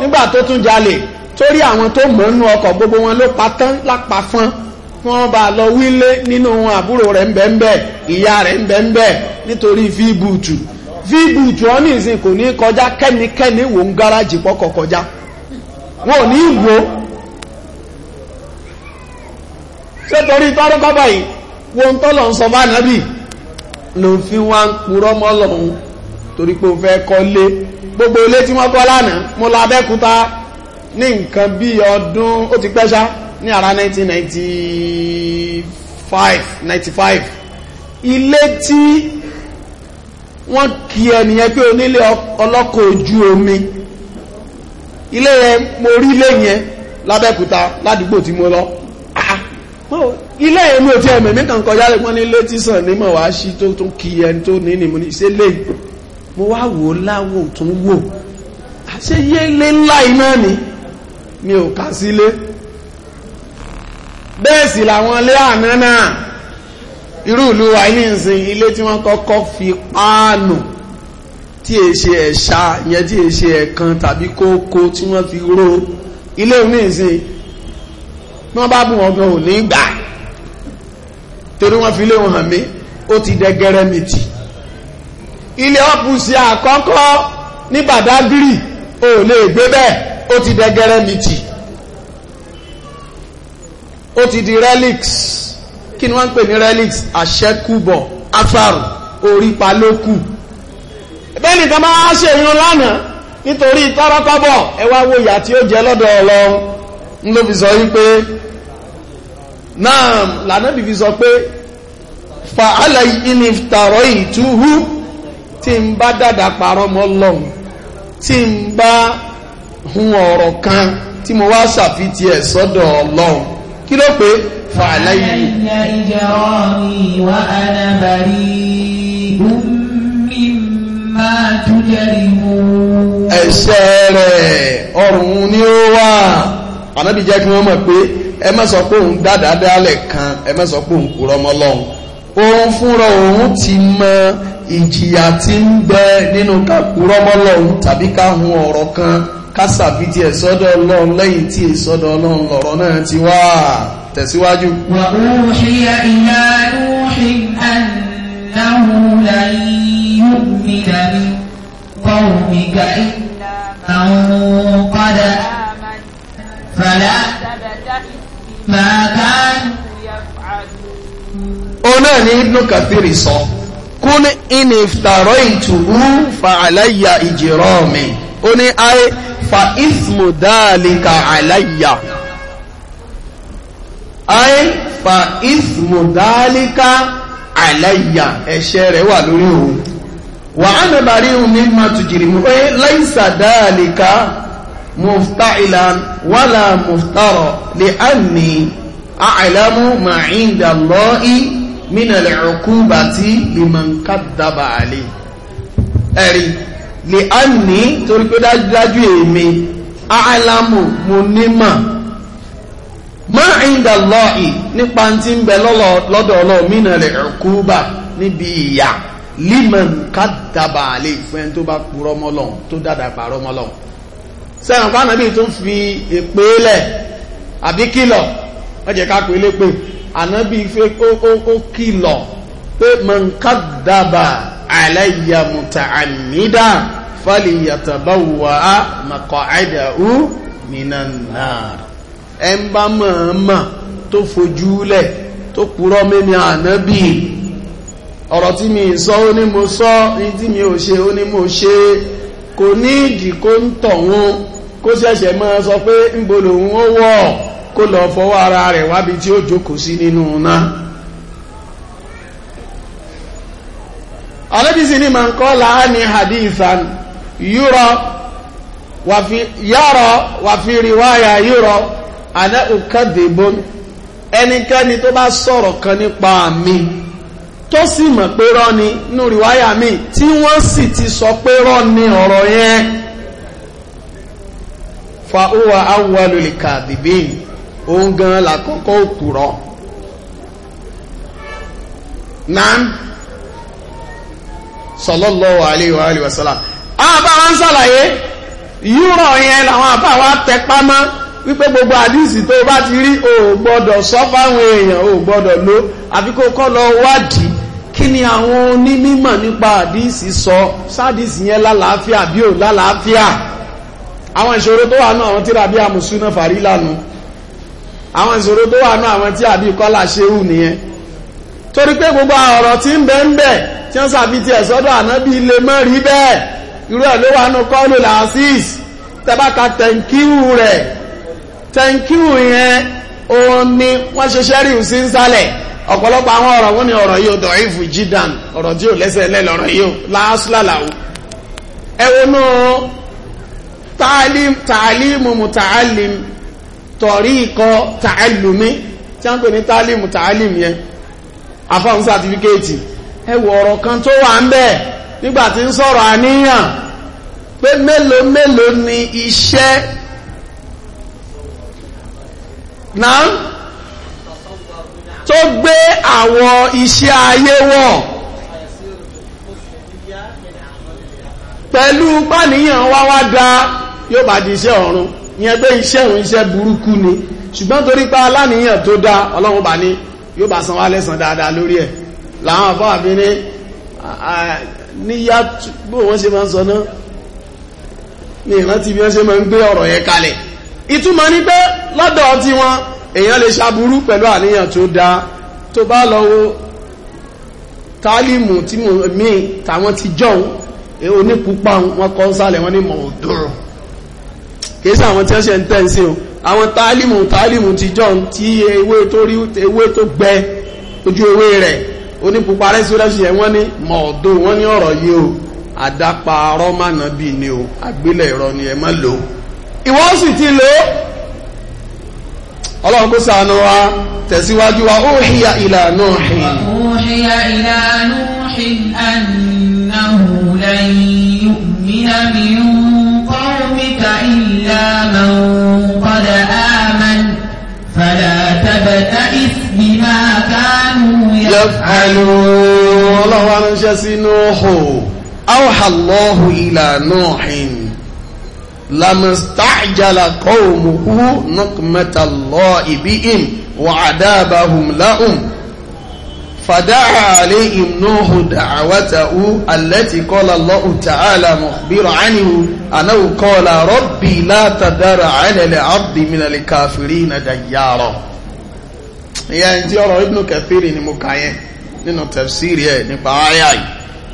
nígbà tó tún jalè torí àwọn tó mọ̀ọ́nú ọkọ̀ gbogbo wọn ló pa tán lápá fún wọn bá lọ wílé nínú wọn àbúrò rẹ̀ ń bẹ ń bẹ ìyá rẹ̀ ń bẹ ń bẹ nítorí fíbùtù fíbùtù ọ́ nìsín kò ní kọjá kẹ́nikẹ́ni wò ń gáràjì pọ́kọ̀ kọjá wọn ò ní wò ó ṣé torí tọ́rọ́kọ́ báyìí wọn tọ́lọ̀ ń sọ bá nábì lòfin wa ń purọ́ mọ́ lọ́hùn torí pé o fẹ́ kọ́lé gbogbo ilé tí wọ́n kọ́ lánàá mo la Abẹ́òkúta ní nǹkan bí ọdún ó ti pẹ́ṣá ní ara 1995 95 ilé tí wọ́n kí ẹnìyẹn pé onílé ọlọ́kọ̀ ojú omi ilé yẹn mo rí ilé yẹn lábẹ́kúta ládùúgbò tí mo lọ ah, ah, ilé yẹn mi ò tí ẹ̀mẹ̀mí kan kọjá lè pọ́n ní ilé tí sàn ní mọ̀ wá sí tó kí ẹni tó ní nìmú ní ìṣẹ́lẹ̀ mo wá wò láwò tún wò àṣẹ yé ilé ńlá iná ni mi ò kà sílé bẹ́ẹ̀ sì làwọn ilé àná náà irú ìlú wa ní ìsìn ilé tí wọ́n kọ́kọ́ fi páànù tí è ṣe ẹ̀ṣà yẹn tí è ṣe ẹ̀kan tàbí kókó tí wọ́n fi ró ilé òní ìsìn wọ́n bá bù wọn gan ò ní gbà torí wọ́n fi lé wọn hàn mí ó ti dẹgẹrẹ mìtì ilé ọ́pùsì àkọ́kọ́ ní bàdágírì ò lè gbé bẹ́ẹ̀ ti dẹgẹrẹ miti ó ti di relics kí ni wọ́n ń pè ní relics àṣẹ́kùbọ̀ afárù orí palókù bẹ́ẹ̀ nìkan máa ṣe ìrún lánàá nítorí tọ́rọ́kọ́bọ̀ ẹ wá wo ìyà tí ó jẹ lọ́dọ̀ Ọlọ́run ń ló fi sọ wípé náà lànà sọ pé tí n bá dàdà parọ́ mọ́ lọ́hùn tí n bá hun ọ̀rọ̀ kan tí mo wá ṣàfitì ẹ̀ sọ́dọ̀ ọlọ́hùn kí ló pé fàlàyé. ẹ̀yà ìjà ọ̀rìn wà á ọrùn ni ó wà ànábì jẹ́ kí wọ́n mọ̀ pé ẹ má sọ pé òun dàdà kan ẹ má sọ pé òun fúnra òun ti mọ ìjìyà tí ń bẹ nínú kàkúrọ́ mọ́lọ́run tàbí káhun ọrọ kan kásàbítì ẹ̀sọ́dọ̀ ọlọ́run lẹ́yìn tí ẹ̀sọ́dọ̀ ọlọ́run lọ̀rọ̀ náà ti wá tẹ̀síwájú. wà ṣe ìyá lóṣì àdáhùn láyé yóò nílà ní kọ́ọ̀mì gáì àwọn padà fàlà màkánù. òun náà ní Ibn Kathiri sọ kún in ìfàrọ̀ ìtùrú fa àláyà ìjìrọ̀ mi ó ní ayé fa ismu dhalika àláyà ayé fa ismu dhalika àláyà ẹ̀ṣẹ̀ rẹ̀ wà lórí òun wà á nà bàrí òun ma tùjìrì mú pé láìsà dhalika mufta'ilan wàlà muftarọ̀ lè á ní àìlámú inda Allahi mínàlẹ̀ ọkùnbà tí lèmọ̀kádàbà àlè ẹ̀rí lè á ní torí pé dájúdájú èmi alámù mo nímọ̀ máa nípa ti ń bẹ lọ́dọ̀ ọlọ́ mínàlẹ̀ níbi ìyà lèmọ̀kádàbà àlè fún tó bá purọ́ mọ́lọ́n tó fi ká ànábì fẹ́ ó kìlọ̀ pé man kadaba alayya muta'ammida falyatabawwa maq'adahu minan nar ẹ ń bá mọ̀ọ́mọ̀ tó fojúlẹ̀ tó purọ́ mẹ́ni ànábì ọ̀rọ̀ tí mi sọ ó ní mo sọ ní tí mi ò ṣe ó ní mo ṣe kò ní ìdí kó ń tọ̀hún kó ṣẹ̀ṣẹ̀ máa sọ pé ń bolòun ó kó lọ fọwọ́ ara rẹ̀ wábi tí ó jókòó sí nínú iná alẹ́bísí ni ma ń kọ́ láà ní hadithan yúrọ yàrọ wàfi riwaya yúrọ àná òkàdébó ẹnikẹ́ni tó bá sọ̀rọ̀ kan nípa àmì tó sì mọ̀ pé rọ́ ni nínú riwaya mi tí wọ́n sì ti sọ pé rọ́ ni ọ̀rọ̀ yẹn fa òun gan làkọ́kọ́ òpùrọ́ náà sallallahu alayhi wa alihi wa sallam àbá wọn sàlàyé yúrọ̀ yẹn làwọn àbá wa tẹpá mọ́ wípé gbogbo àdísì tó bá ti rí o gbọ́dọ̀ sọ fáwọn èèyàn o gbọ́dọ̀ ló àbí kó kọ́ lọ wádìí kí ni àwọn onímọ̀ nípa àdísì sọ sádìsì yẹn lálàáfíà bí ò lálàáfíà àwọn ìṣòro tó wà náà àwọn tíra bí àmùsùn náà fàrí lánàá àwọn ìṣòro tó wà náà àwọn tí àbí kọ́lá ṣe hù torí pé gbogbo ọ̀rọ̀ tí ń bẹ ń tí wọ́n ti ẹ̀ àná bí lè mọ́ rí bẹ́ẹ̀ irú ẹ̀ ló wà nù kọ́lù làásìs rẹ̀ tẹ̀ǹkíwù yẹn òun ni wọ́n ṣe ń ọ̀pọ̀lọpọ̀ àwọn ọ̀rọ̀ wọn ni ọ̀rọ̀ yìí dọ̀ ọ̀rọ̀ tí lẹ́sẹ̀ yìí náà tọ̀rí ikọ̀ tààlùmí tí a ń pè ní tààlìmù tààlìmù yẹn afáhùn sàtífíkéètì ẹwọ ọ̀rọ̀ kan tó wà ń bẹ̀ nígbàtí ń sọ̀rọ̀ àníyàn pé mélòó mélòó ni iṣẹ́ náà tó gbé àwọn iṣẹ́ ayé wọ̀ pẹ̀lú pàníyàn wá wá da yóò bá di iṣẹ́ ọ̀run ìyẹn pé iṣẹ́ òun iṣẹ́ burúkú ni ṣùgbọ́n torí pa aláníyàn tó dá ọlọ́run bá ní yóò bá san wá lẹ́san dáadáa lórí ẹ̀ làwọn àfọ́ àbí ní níyà bó wọ́n ṣe máa ń sọ náà ní ìrántí bí wọ́n ṣe máa ń gbé ọ̀rọ̀ yẹn kalẹ̀ ìtumọ̀ ni pé lọ́dọ̀ tí wọn èèyàn lè ṣaburú pẹ̀lú àníyàn tó dá tó bá lọ wo tálímù tí mo mí tàwọn ti jọun onípupa wọn kọ́ sálẹ̀ wọn ní mọ̀ọ́dọ́rọ̀ kìí sí àwọn tí wọ́n ṣe ń tẹ́ǹsí o àwọn tálímù tálímù ti jọ tí ewé tó rí ewé tó gbẹ ojú ewé rẹ̀ onípupa rẹ́sírẹ́sì yẹn wọ́n ní mọ̀ọ́dọ̀ wọ́n ní ọ̀rọ̀ yìí o àdápa rọ́mánà bíi ni o àgbélẹ̀ ìrọ̀ ni ẹ má lò ó ìwọ sì ti lò ó ọlọ́run kó ṣàánú wa tẹ̀síwájú wa ó hìyà ìlà Nuhin. ó hìyà ìlà Nuhin min qawmika من قد آمن فلا تبتئس بما كانوا يفعلون الله أنجس نوح أوحى الله إلى نوح لما استعجل قومه نقمة الله بهم وعذابهم لهم فدعا عليهم نوح دعوته التي قال الله تعالى مخبرا عنه أنه قال ربي لا تدر على العبد من الكافرين ديارا ìyẹn tí ọ̀rọ̀ Ibn Kathir ni mo kà yẹn nínú tafsiri ẹ̀ nípa ayá yìí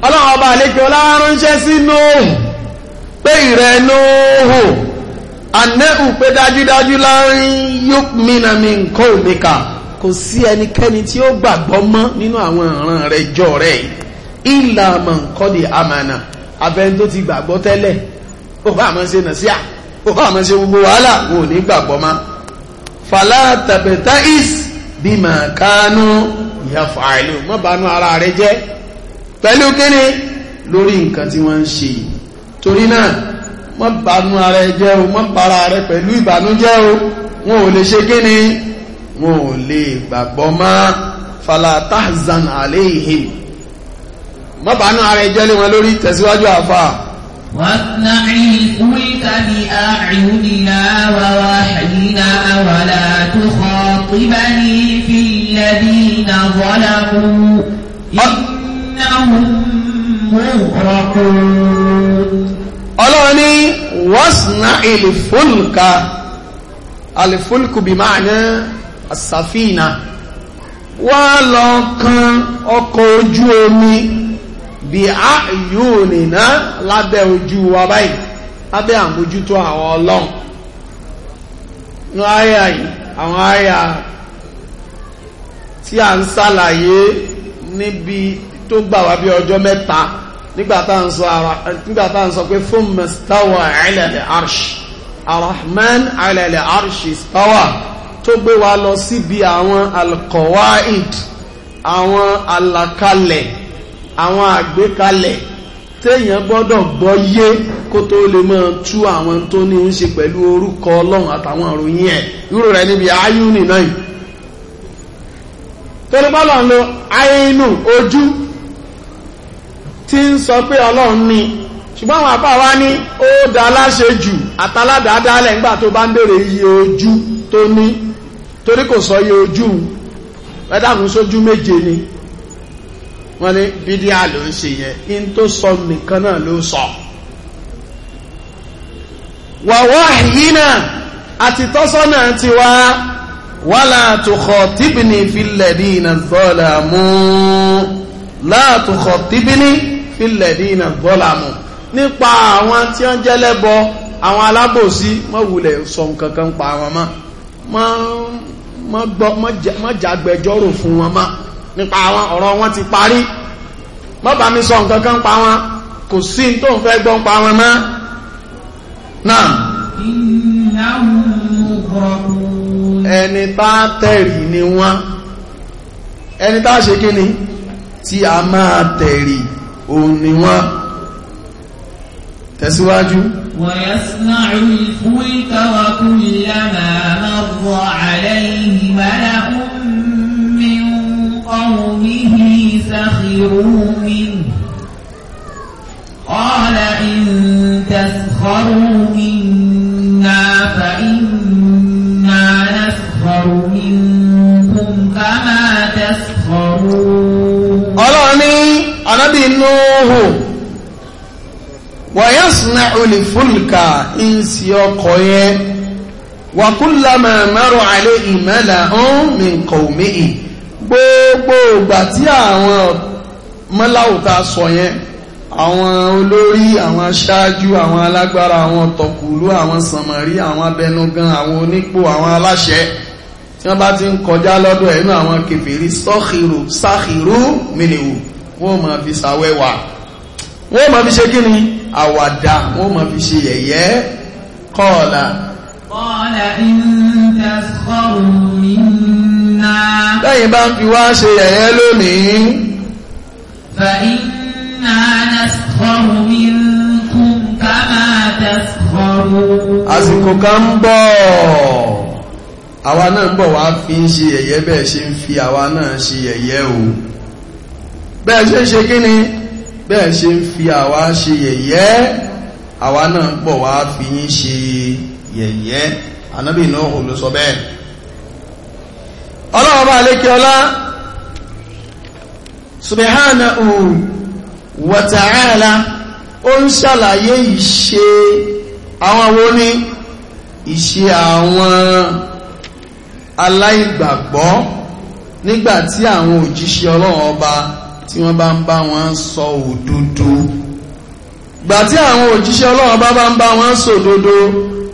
ọlọ́run ọba àlejò ọlọ́ránṣẹ́ sí nóòhù pé ìrẹ́ nóòhù anẹ́hù pé dájúdájú láàrin yóò mìnà kò sí ẹnikẹ́ni tí ó gbàgbọ́ mọ́ nínú àwọn ìran rẹ̀ jọ rẹ̀ ìlà mọ̀nkọ́dì àmànà abẹ́ni tó ti gbàgbọ́ tẹ́lẹ̀ ó bá àmọ́ ṣe nàṣíà ó bá àmọ́ ṣe gbogbo wàhálà wò ní gbàgbọ́ mọ́ fàlà tàbẹ̀tà is bímọ kánú ìyàfọ̀ àìlú mọ́ banú ara rẹ̀ jẹ́ pẹ̀lú kíni lórí nǹkan tí wọ́n ń ṣe torí náà mọ́ banú ara rẹ̀ jẹ́ o mọ́ bara rẹ̀ pẹ̀lú ìbànújẹ́ o wọn ò lè ṣe kíni wọn ò lè gbàgbọ́ mọ́ falatahzan aleihim mọ́bàánú ara ẹjọ́ lé wọn lórí tẹ̀síwájú àfà ọlọ́run ní wọ́sùnà ìlú fúlùkà alìfúlùkù bí máa náà asàfihàn wá lọ kan ọkọ̀ ojú omi bí a yóò nìna lábẹ́ ojú wa báyìí lábẹ́ àmójútó àwọn ọlọ́run ní àyà yìí àwọn àyà tí a ń ṣàlàyé níbi tó gbà wá bí ọjọ́ mẹ́ta nígbàtà ń sọ pé fún mẹ́sítàwà ala al-arsh arahman ala arsh istawa tó gbé wa lọ síbi àwọn alkọ̀wáìd àwọn àlàkalẹ̀ àwọn àgbékalẹ̀ téèyàn gbọ́dọ̀ gbọ́ yé kó tó lè máa tú àwọn tó ní ń ṣe pẹ̀lú orúkọ ọlọ́run àtàwọn ìròyìn ẹ̀ irú rẹ̀ níbi ayúnì náà torí bọ́lọ̀ ń lo ayínú ojú tí ń sọ pé ọlọ́run ni ṣùgbọ́n àwọn àpá wa ní ó dá láṣejù àtàládàádálẹ̀ ńgbà tó bá ń béèrè iye ojú tó ní torí kò sọ yẹ ojú ẹ̀dàkùn sójú méje ni wọ́n ní bídíà ló ń ṣe yẹ in tó sọ nìkan náà ló sọ wàwọ́ yìí náà àti tọ́sọ́nà ti wá wala tukhatibni fil ladina zalamu la tukhatibni fil ladina zalamu nípa àwọn tí wọ́n jẹ́lẹ́bọ àwọn alábòsí mọ́ wulẹ̀ pa àwọn mọ́ má jàgbẹjọ́rò fún wọn má nípa àwọn ọ̀rọ̀ wọn ti parí má bá mi sọ nǹkan kan pa wọn kò sí tó ń fẹ́ gbọ́n pa wọn mọ́ náà ẹni tá tẹ̀rì ni wọ́n ẹni tá ṣe kí ni tí a máa tẹ̀rì òun ni wọ́n tẹ̀síwájú wọ̀yẹ́sìnà ìfúríkà wà kúrìyà náà فعرض عليه ملأ من قومه سخروا منه قال إن تسخروا منا فإنا نسخر منكم كما تسخرون أراني أربي النوه ويصنع الفلك إنسي قيام wà kúlàmà mẹ́rọ àlẹ́ ìmẹ́là ń mi nǹkan òmíì gbogbo ìgbà tí àwọn mọ́láwùtà sọ yẹn àwọn olórí àwọn aṣáájú àwọn alágbára àwọn tọkùlú àwọn sànmọ̀rí àwọn abẹnugan àwọn onípò àwọn aláṣẹ tí wọ́n bá ti ń kọjá lọ́dọ̀ ẹ̀nú àwọn kèfèrí sọ́kìrò sáàkìrò mìnìwò wọ́n ma fi sàwẹ́wà wọ́n ma fi ṣe kí ni àwàdà wọ́n ma fi ṣe yẹ̀yẹ́ kọ́ọ̀lá قال إن تسخروا منا lẹ́yìn bá ń fi wá ṣe yẹ̀yẹ́ lónìí. فإنا نسخر منكم كما تسخرون. àsìkò kan ń bọ̀ àwa náà ń bọ̀ wá fi ń ṣe yẹ̀yẹ́ bẹ́ẹ̀ ṣe ń fi àwa náà ṣe yẹ̀yẹ́ o bẹ́ẹ̀ ṣe ń ṣe kí ni bẹ́ẹ̀ ṣe ń fi àwa ṣe yẹ̀yẹ́ àwa náà ń bọ̀ wá fi yín ṣe yẹ̀yẹ́ yẹ̀yẹ́ anábì inú olùsọ bẹ́ẹ̀ ọlọ́wọ́ bá lékẹ́ ọlá subhanahu wa ta'ala ó ń ṣàlàyé ìṣe àwọn wo ni ìṣe àwọn aláìgbàgbọ́ nígbàtí àwọn òjíṣẹ́ ọlọ́run ọba tí wọ́n bá ń bá wọn sọ òdodo gbàtí àwọn òjíṣẹ́ ọlọ́run bá ń bá wọn sọ òdodo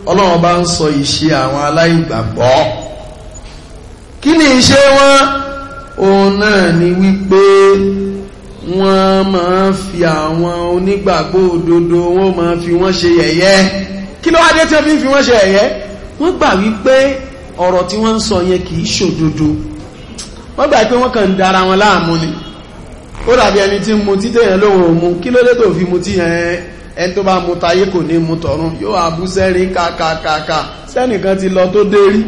ọlọ́run bá ń sọ ìṣe àwọn aláìgbàgbọ́ kí ni ìṣe wọn òun náà ni wípé wọ́n máa fi àwọn onígbàgbọ́ òdodo wọ́n máa fi wọ́n ṣe yẹ̀yẹ́ kí ló wá dé tí wọ́n fi ń fi wọ́n ṣe yẹ̀yẹ́ wọ́n gbà wípé ọ̀rọ̀ tí wọ́n ń sọ yẹn kì í ṣòdodo wọ́n gbà pé wọ́n kàn ń dara wọn láàmú ni ó dàbí ẹni tí ń mutí téèyàn lóhun òmu kí ló dé tó fi mutí yẹn ẹni tó bá mú tayé kò ní mú tọ̀run yóò àbú sẹ́rin kàkàkàkà sẹ́nìkan ti lọ tó dé rí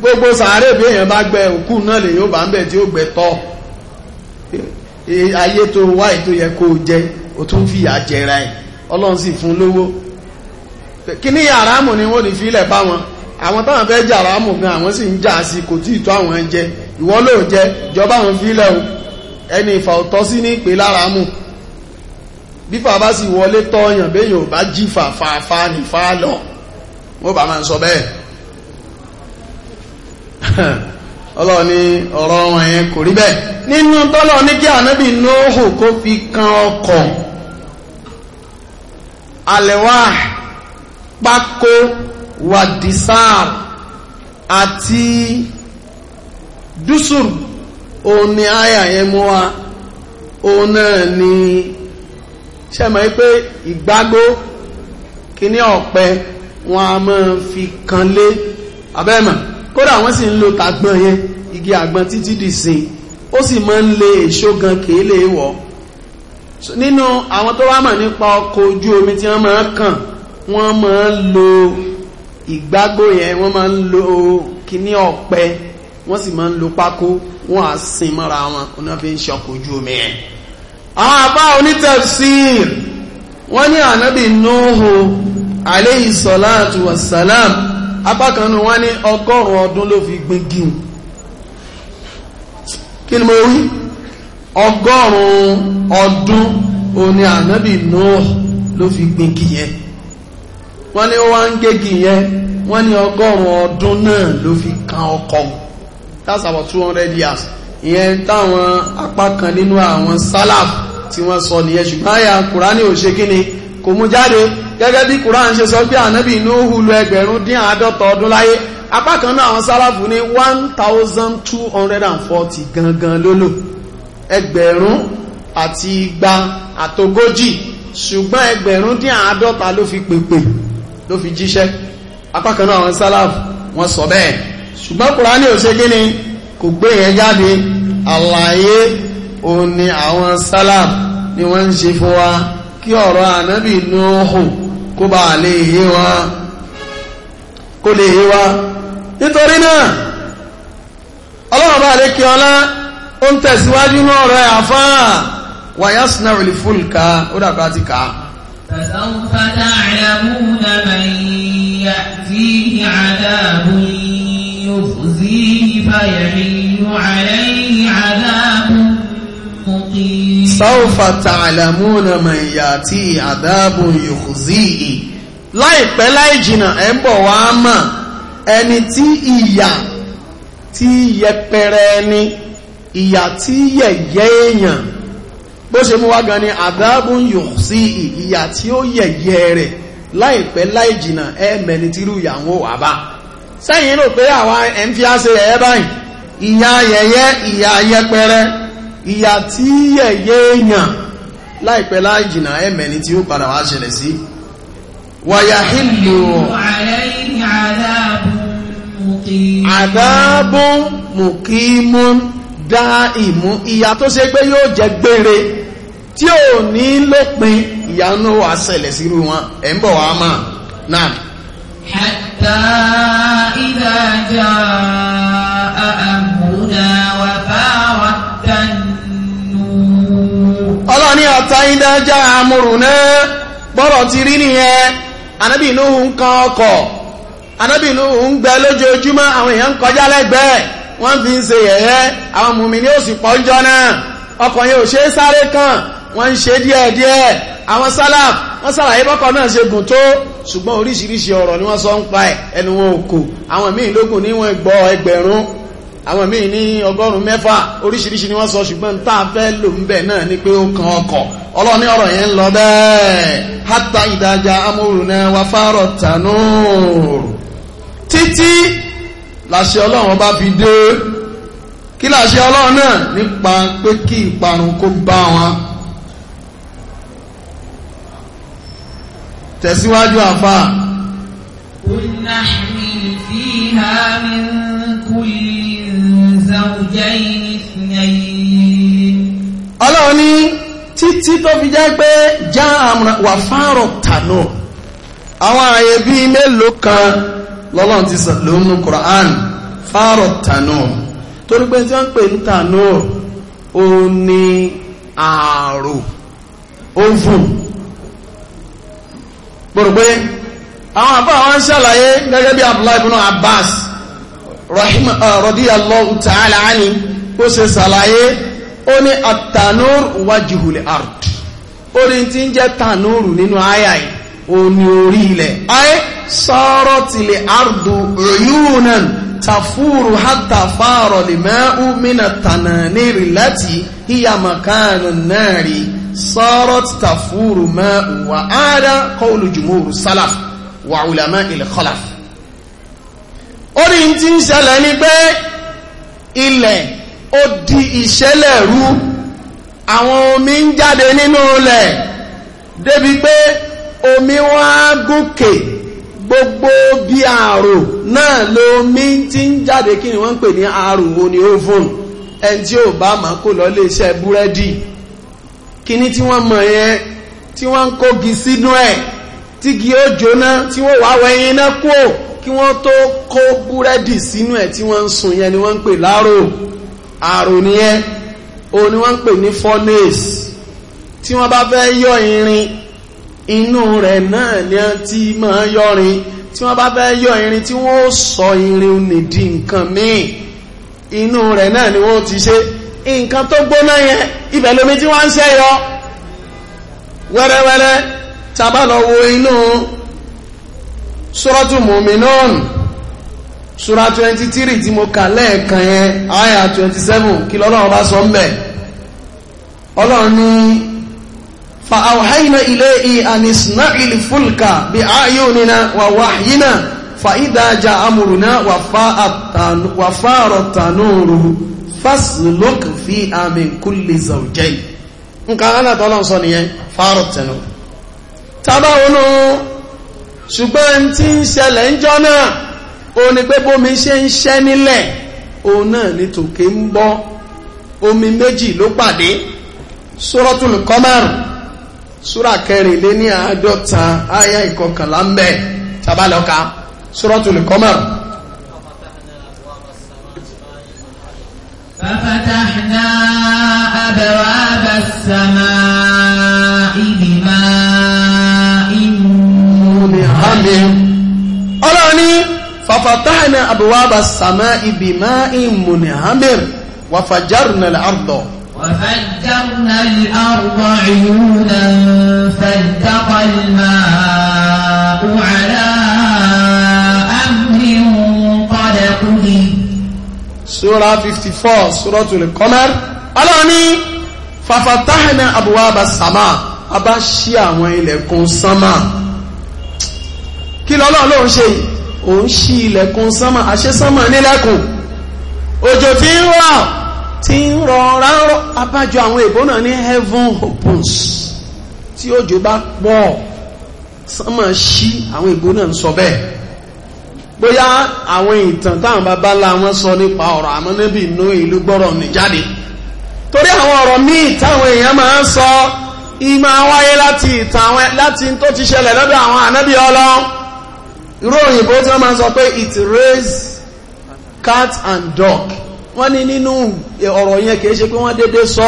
gbogbo sàárè bí èèyàn bá gbẹ òkú náà lè yóò bá ń bẹ̀ tí ó gbẹ tọ́ ayé tó wá ètò yẹ kó jẹ o tún jẹra ọlọ́run sì fún lówó ni wọ́n ní fílẹ̀ bá wọn àwọn táwọn fẹ́ jà gan àwọn sì ń jà sí kò tí àwọn jẹ jẹ ẹni ìfà ọ̀tọ́ sí bí fàbá sì wọlé tọ́yàn béèyàn ò bá jí fàfàfà ní fà lọ wọ́n bá máa ń sọ bẹ́ẹ̀ ọlọ́run ní ọ̀rọ̀ wọn yẹn kò rí bẹ́ẹ̀ nínú tọ́lọ̀ ní kí ànábì nóòhù kó fi kan ọkọ̀ àlẹ́wà pákó wàdìsáàr àti dúsùr òun ni àyà yẹn mú wa òun náà ni ṣe mọ̀ pé ìgbágbó kíní ọ̀pẹ wọn a máa fi kan lé abẹ́mọ̀ kódà wọ́n sì ń lo tàgbọn yẹn igi àgbọn títí di sin ó sì máa ń lé èso gan kìí lè wọ̀ nínú àwọn tó wá mọ̀ nípa ọkọ̀ ojú omi tí wọ́n máa ń kàn wọ́n máa ń lo ìgbágbó yẹn wọ́n máa ń lo kíní ọ̀pẹ wọ́n sì máa ń lo pákó wọ́n á sin mọ́ra wọn kò náà fi ń ṣọkọ̀ ojú omi yẹn àbá onítẹ̀fsír wọ́n ní ànábì nóòhù aléìsọ̀láàtù wàsàlám apákanú wọ́n ní ọgọ́rùn ọdún ló fi kí ni mo wí ọgọ́rùn ọdún ló fi gbin gíyẹn wọ́n ní wọ́n ń wọ́n ní ọgọ́rùn ọdún náà ló fi kan ọkọ̀ that's years ìyẹn táwọn apá kan nínú àwọn salaf tí wọ́n sọ nìyẹn ṣùgbọ́n àyà kùránì ò ṣe kí ni kò mú jáde gẹ́gẹ́ bí kùránì ṣe sọ pé ànábì Nuhu lò ẹgbẹ̀rún dín àádọ́ta ọdún láyé apá kan náà àwọn salaf ní one thousand two hundred and forty gangan lólò ẹgbẹ̀rún àti igba àtogójì ṣùgbọ́n ẹgbẹ̀rún dín àádọ́ta ló fi pèpè ló fi jíṣẹ́ apá kan náà àwọn salaf wọ́n sọ bẹ́ẹ̀ ṣùgbọ́n kùránì ò ṣe kí ni kò gbé yẹn jáde àlàyé òun ni àwọn sálàm ni wọ́n ń ṣe fún wa kí ọ̀rọ̀ ànábì Nuhu kó bá lè yé wa kó lè yé wa nítorí náà ọlọ́run bá lè kí ọlá ó ń tẹ̀síwájú ní ọ̀rọ̀ ẹ̀ àfáà wàyà sinawìl fúlùkà ó dàgbà ti kà á. فسوف تعلمون من يأتيه عذاب يخزيه فيحل عليه عذاب مقيم سوف تعلمون من يأتي عذاب يخزيه láìpẹ́ láì jìnnà ẹ̀ ń bọ̀ wá mọ̀ ẹni tí ìyà tí yẹpẹrẹ ẹni ìyà tí yẹ̀yẹ́ èèyàn bó ṣe mú wá gan ni àdábùn yòó sí ìyà tí ó yẹ̀yẹ́ rẹ̀ láìpẹ́ láì jìnnà ẹ̀ mẹ́ni tírú ìyàwó wà bá. sẹ́yìn rò pé àwa ẹ̀ á ṣe ẹ̀ẹ́ báyìí ìyà yẹ̀yẹ́ ìyà tí yẹ̀yẹ́ èèyàn láìpẹ́ láì jìnà tí ó padà wá ṣẹlẹ̀ sí wàyà hìlù àdábùn mùkímù dá ìmú ìyà tó ṣe pé yóò jẹ gbére tí ò ní ìyà náà wà ṣẹlẹ̀ sírú wọn ẹ̀ ń حتى إذا جاء أمرنا وفارت النور الله ni ata ida ja amuruna bọ́rọ̀ ti rí nìyẹn anábì Nuhu ń kan ọkọ̀ anábì Nuhu ń gbẹ lójoojúmọ́ àwọn èèyàn ń kọjá lẹ́gbẹ̀ẹ́ wọ́n fi ń ṣe yẹ̀yẹ́ àwọn mùmí ní òsì pọ́njọ́ náà ọkọ̀ yẹn ò ṣe é sáré kàn wọ́n ń ṣe díẹ̀díẹ̀ àwọn sálàm wọ́n sàlàyé bọ́kọ̀ náà ṣe gùn tó ṣùgbọ́n oríṣiríṣi ọ̀rọ̀ ni wọ́n sọ ń pa ẹ̀ ẹnu wọn ò kò àwọn míì lógún níwọ̀n gbọ́ ẹgbẹ̀rún àwọn míì ní ọgọ́rùn-ún mẹ́fà oríṣiríṣi ni wọ́n sọ ṣùgbọ́n tá a fẹ́ lò ń bẹ̀ náà ni pé ó kan ọkọ̀ ọlọ́ni ọ̀rọ̀ yẹn ń lọ bẹ́ẹ̀ hátà ìdájà amúrùnà wà fárọ̀ tànúùrù títí làṣẹ ọlọ́run bá fi dé kí làṣẹ ọlọ́run náà nípa pé kí ìparun kó bá wọn. tẹ̀síwájú àfa. ونحمل فيها من كل زوجين اثنين. ọlọ́run ní títí tó fi jẹ́ pé já wà fárọ̀ tànà àwọn ààyè bíi mélòó kan lọ́lọ́run ti sọ lónú Qur'an fárọ̀ tànà torí pé tí wọ́n ń pè ní tanur ó ní ààrò oven gbòrògbé àwọn àbá wọn ṣàlàyé gẹ́gẹ́ bí Abdullahi ibn Abbas ah, radiyallahu ta'ala ani ó ṣe ṣàlàyé ó ní àtànúr wajhul ard orí tí ń jẹ́ tànúrù nínú àyà yìí ó ní orí ilẹ̀ ayé sọ́rọ̀ tìlẹ̀ ardu uyunan tafúrù hátà fáàrọ̀ lè mẹ́ú mínà tànà nírì láti híyà màkánù náà rí sọ́rọ̀ tafúrù mẹ́ú wà áádá kọ́ọ̀lù jùmúrù sálàf wà ulàmá ilẹ̀ kọ́làf orí tí di ìṣẹ̀lẹ̀ rú àwọn omi ń jáde nínú ilẹ̀ débi pé omi wọ́n á gbogbo bí àrò náà ló mi ti ń jáde kí ni wọ́n ń pè ní àrùwò ní oven ẹni tí ò bá máa kó lọ lé iṣẹ́ búrẹ́dì kíní tí wọ́n mọ̀ yẹn tí wọ́n ń kógi sínú ẹ̀ tígi ó jóná tí wọ́n wá wẹ̀yìn iná kú kí wọ́n tó kó búrẹ́dì sínú ẹ̀ tí wọ́n ń sun yẹn ni wọ́n ń pè láàrò àrò nìyẹn òun ni wọ́n ń pè ní furnace tí wọ́n bá fẹ́ yọ irin inú rẹ̀ náà ni a ti ma yọrin tí wọ́n bá bẹ yọ irin tí wọ́n sọ irin nìdí nǹkan míì inú rẹ̀ náà ni wọ́n ti ṣe nǹkan tó gbóná yẹn ibẹ̀ lómi tí wọ́n ń ṣe yọ wẹ́rẹ́wẹ́rẹ́ tàbá lọ inú suratu sura 23 tí mo kà lẹ́ẹ̀kan yẹn aya 27 kí lọ́lọ́run bá sọ ń bẹ̀ ní فأوحينا إليه أن اصنع الفلك بأعيننا ووحينا فإذا جاء أمرنا وفار التنور فاسلك فيها من كل زوجين nǹkan alátọ́lọ́n sọ nìyẹn fárọ̀ tẹ̀nù tàbá onú ṣùgbọ́n tí ń ṣẹlẹ̀ ń jọ náà o ní pé bómi ṣe ń ṣẹ́ nílẹ̀ o náà ní tòkè ń bọ́ omi méjì ló pàdé Suratul Qamar súrà kẹrìnlé ní àádọ́ta àyà ìkọkànlá ń bẹ tabalọ́ka Suratul Qamar ففتحنا أبواب السماء بماء منهمر ọlọ́ni ففتحنا أبواب السماء بماء منهمر وفجرنا الأرض وفجرنا الأرض عيونا فالتقى الماء على أمر قد قدر سورة 54 سورة القمر ألاني ففتحنا أبواب السماء أبا شيا وإلكم سما kí lọ́lọ́ ló ń ṣe òun ṣí ilẹ̀kùn sánmà àṣẹ sánmà nílẹ̀kùn òjò tí ń rọ̀ tí ń rọra rọ abájọ àwọn èbó náà ní heaven opens tí òjò bá pọ̀ sánmà ṣí àwọn èbó náà ń sọ bẹ́ẹ̀ bóyá àwọn ìtàn táwọn bàbá ńlá wọn sọ nípa ọ̀rọ̀ àmọ́nẹ́bì inú ìlú gbọ́rọ̀ ní jáde torí àwọn ọ̀rọ̀ míì táwọn èèyàn máa ń sọ ìmọ̀ wáyé láti ìtàn àwọn láti tó ti ṣẹlẹ̀ lọ́dọ̀ àwọn ànábì ọlọ́run irú òyìnbó tí wọ́n máa sọ pé it raise cat and dog wọ́n ní nínú ọ̀rọ̀ yẹn kìí ṣe pé wọ́n dédé sọ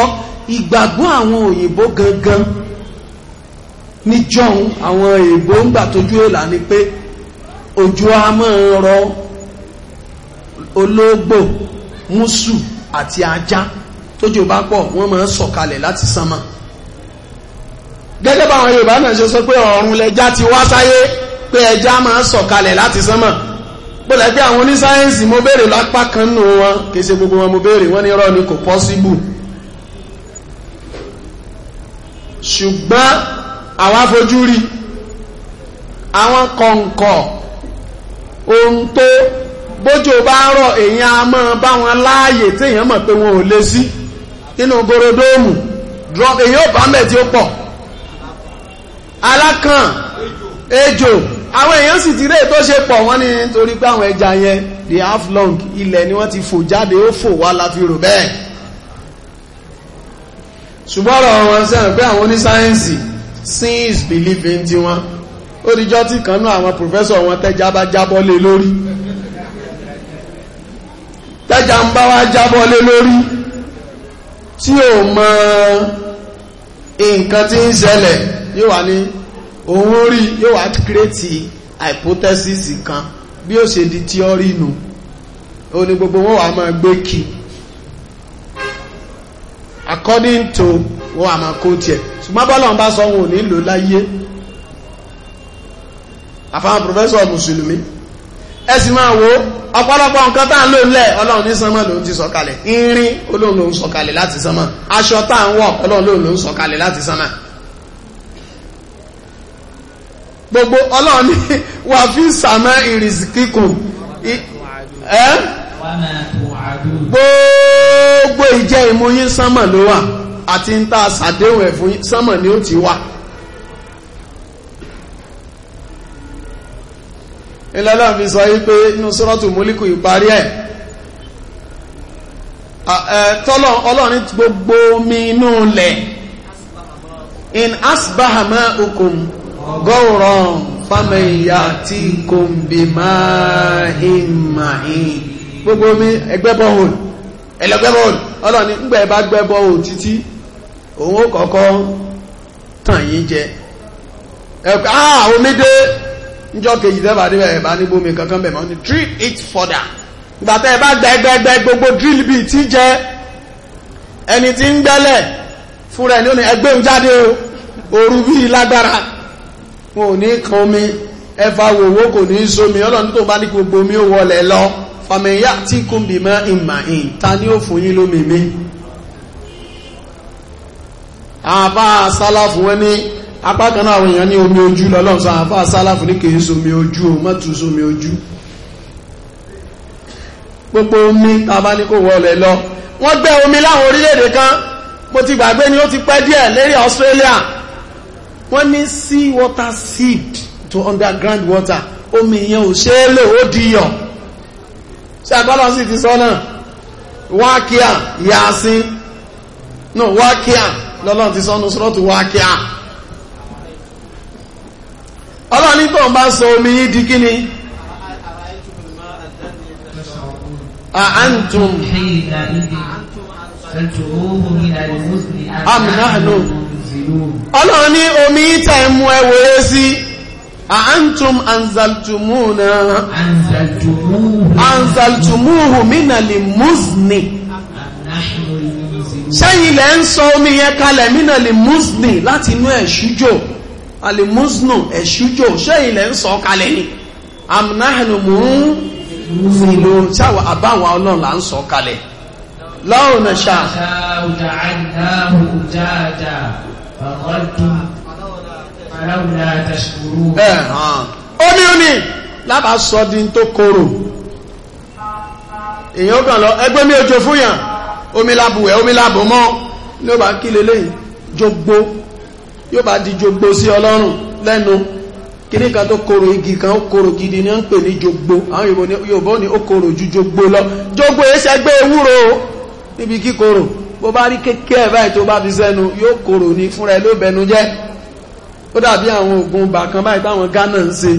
ìgbàgbọ́ àwọn òyìnbó gangan ní jọun àwọn òyìnbó ń gbà tójú èlà ni pé òjò a máa rọ ológbò músù àti ajá tójò bá pọ̀ wọ́n máa ń sọ̀kalẹ̀ láti sánmà gẹ́gẹ́ báwọn Yorùbá náà ṣe sọ pé ọ̀run lẹja ti wá sáyé pé ẹja máa ń sọ̀kalẹ̀ láti sánmà bọ́lẹ̀ pé àwọn onísáyẹ́nsì mo béèrè lápá kan nù wọn kìí ṣe gbogbo wọn mo béèrè wọ́n ní irọ́ ni kò pọ́síbù ṣùgbọ́n àwọn afojú rí àwọn kọ̀ǹkọ̀ ohun tó bójò bá rọ̀ èyàn a mọ́ bá wọn láàyè tí èyàn mọ̀ pé wọn ò lé sí inú gorodóòmù èyàn ò bá mẹ́ tí ó pọ̀ alákàn ejò àwọn èèyàn sì ti rẹ̀ tó ṣe pọ̀ wọ́n ní nítorí pé àwọn ẹja yẹn the half long ilẹ̀ ni wọ́n ti fò jáde ó fò wá la fi rò bẹ́ẹ̀ ṣùgbọ́n ọ̀rọ̀ wọn sẹ́yìn pé àwọn onísáyẹ́ǹsì sin is believing ti wọn ó dijọ́ tí kan náà àwọn pòfẹ́sọ̀ wọn tẹ́já bá jábọ́ lé lórí tẹ́já ń bá wá jábọ́ lé lórí tí ò mọ nǹkan tí ń ṣẹlẹ̀ yóò wà ní òun rí yóò wá kírètì hypothesis kan bí ó ṣe di tíọ́rì nù ó ní gbogbo wọn wà máa gbé kí according to wọn àmà kó tiẹ̀ ṣùgbọ́n bọ́lá ń bá sọ wọn ò ní lò láyé àfáwọn pòfẹ́sọ̀ mùsùlùmí ẹ sì máa wo ọ̀pọ̀lọpọ̀ nǹkan tá à ń lò ńlẹ̀ ọlọ́run ní sánmọ̀ ló ń ti sọ̀kalẹ̀ irin ọlọ́run ló ń sọ̀kalẹ̀ láti sánmọ̀ aṣọ tá à ń wọ̀ ọlọ́run ló ń sọ̀kalẹ̀ láti sánmọ̀ gbogbo ọlọ́run ní wà fi sàmà ìrìsìkíkùn gbogbo ìjẹ́ ìmúyín sánmọ̀ ló wà àti ń ta sàdéhùn ẹ̀ fún sánmọ̀ ni ó ti wà ilẹ́lọ́ fi sọ wípé inú sọ́rọ́tù múlíkù ìparí ẹ̀ tọ́lọ̀ ọlọ́run gbogbo omi inú lẹ̀ in asbahama ukum gọ́ọ̀rọ̀ fámẹ́yà tí kò ń bí máa ìmàáyìn gbogbo mi ọlọ́ni ńgbẹ́ bá títí òun ó kọ́kọ́ tàn ah omi njọ kejì tẹ́bà dé ni it further ìgbà tẹ́ ẹ bá gbogbo drill bíi jẹ ẹni tí ń gbẹ́lẹ̀ fúnra ẹni ó ní ẹgbẹ́ òun jáde wọn ò ní kan omi ẹfà wòwó kò ní sómi ọlọ́run tó bá ní gbogbo omi ó wọlẹ̀ lọ fàmìyà tí kò bí mọ́ ìmà ìn ní ó fún lómi mi àbá sálàfù wọn ní apá kan náà àwọn èèyàn ní omi ojú lọ́lọ́run sọ àbá sálàfù ní kìí sómi ojú o má tún sómi ojú gbogbo omi ta bá ní kò wọlẹ̀ lọ wọ́n gbẹ́ omi láwọn orílẹ̀-èdè kan mo ti gbàgbé ni ó ti pẹ́ díẹ̀ lérí Australia wọ́n ní sea water seeped to underground water omi ìyẹn ò ṣe é lè ó diyọ̀ ṣe àgbọ́lọ́ sí ti sọ náà wákíà yàásín no wákíà lọ́lọ́ ti sọ́nu sọ́lọ́tù wákíà ọlọ́ni tó ń bá sọ omi yìí di kí ni àántùm àmì náà náà ọlọ́run ní omi tẹ̀ mú ẹwòye sí àántùm anzaltumuna anzaltumuhu mínàlì muzni sẹ́yìn lẹ́ ń sọ omi yẹn kalẹ̀ mínàlì muzni láti inú ẹ̀ṣújò alimusnu ẹ̀ṣújò sẹ́yìn lẹ́ ń sọ kalẹ̀ ni amnahanu mú nílò sáwà àbáwà ọlọ́run là ń sọ kalẹ̀ lọ́rùn náà ṣáà ó ní ó ní lábà sọ di tó korò èyàn kàn lọ ẹgbẹ́ mi ojo fún yàn omi lábùwẹ̀ omi lábò mọ́ ní ó bá kí lélẹ̀ jogbo yóò bá di jogbo sí ọlọ́run lẹ́nu kìní kan tó korò igi kan ó korò gidi ní ó ń pè ní jogbo àwọn Yorùbá ní ó korò ju jogbo lọ jogbo ẹsẹ̀ gbé ewúro níbi kíkorò bó bá rí kékeré ẹ̀ báyìí tó bá fi sẹ́nu yóò korò ní fúnra ẹ ló bẹnu jẹ́ ó dàbí àwọn oògùn bàkan báyìí táwọn Ghana ń ṣe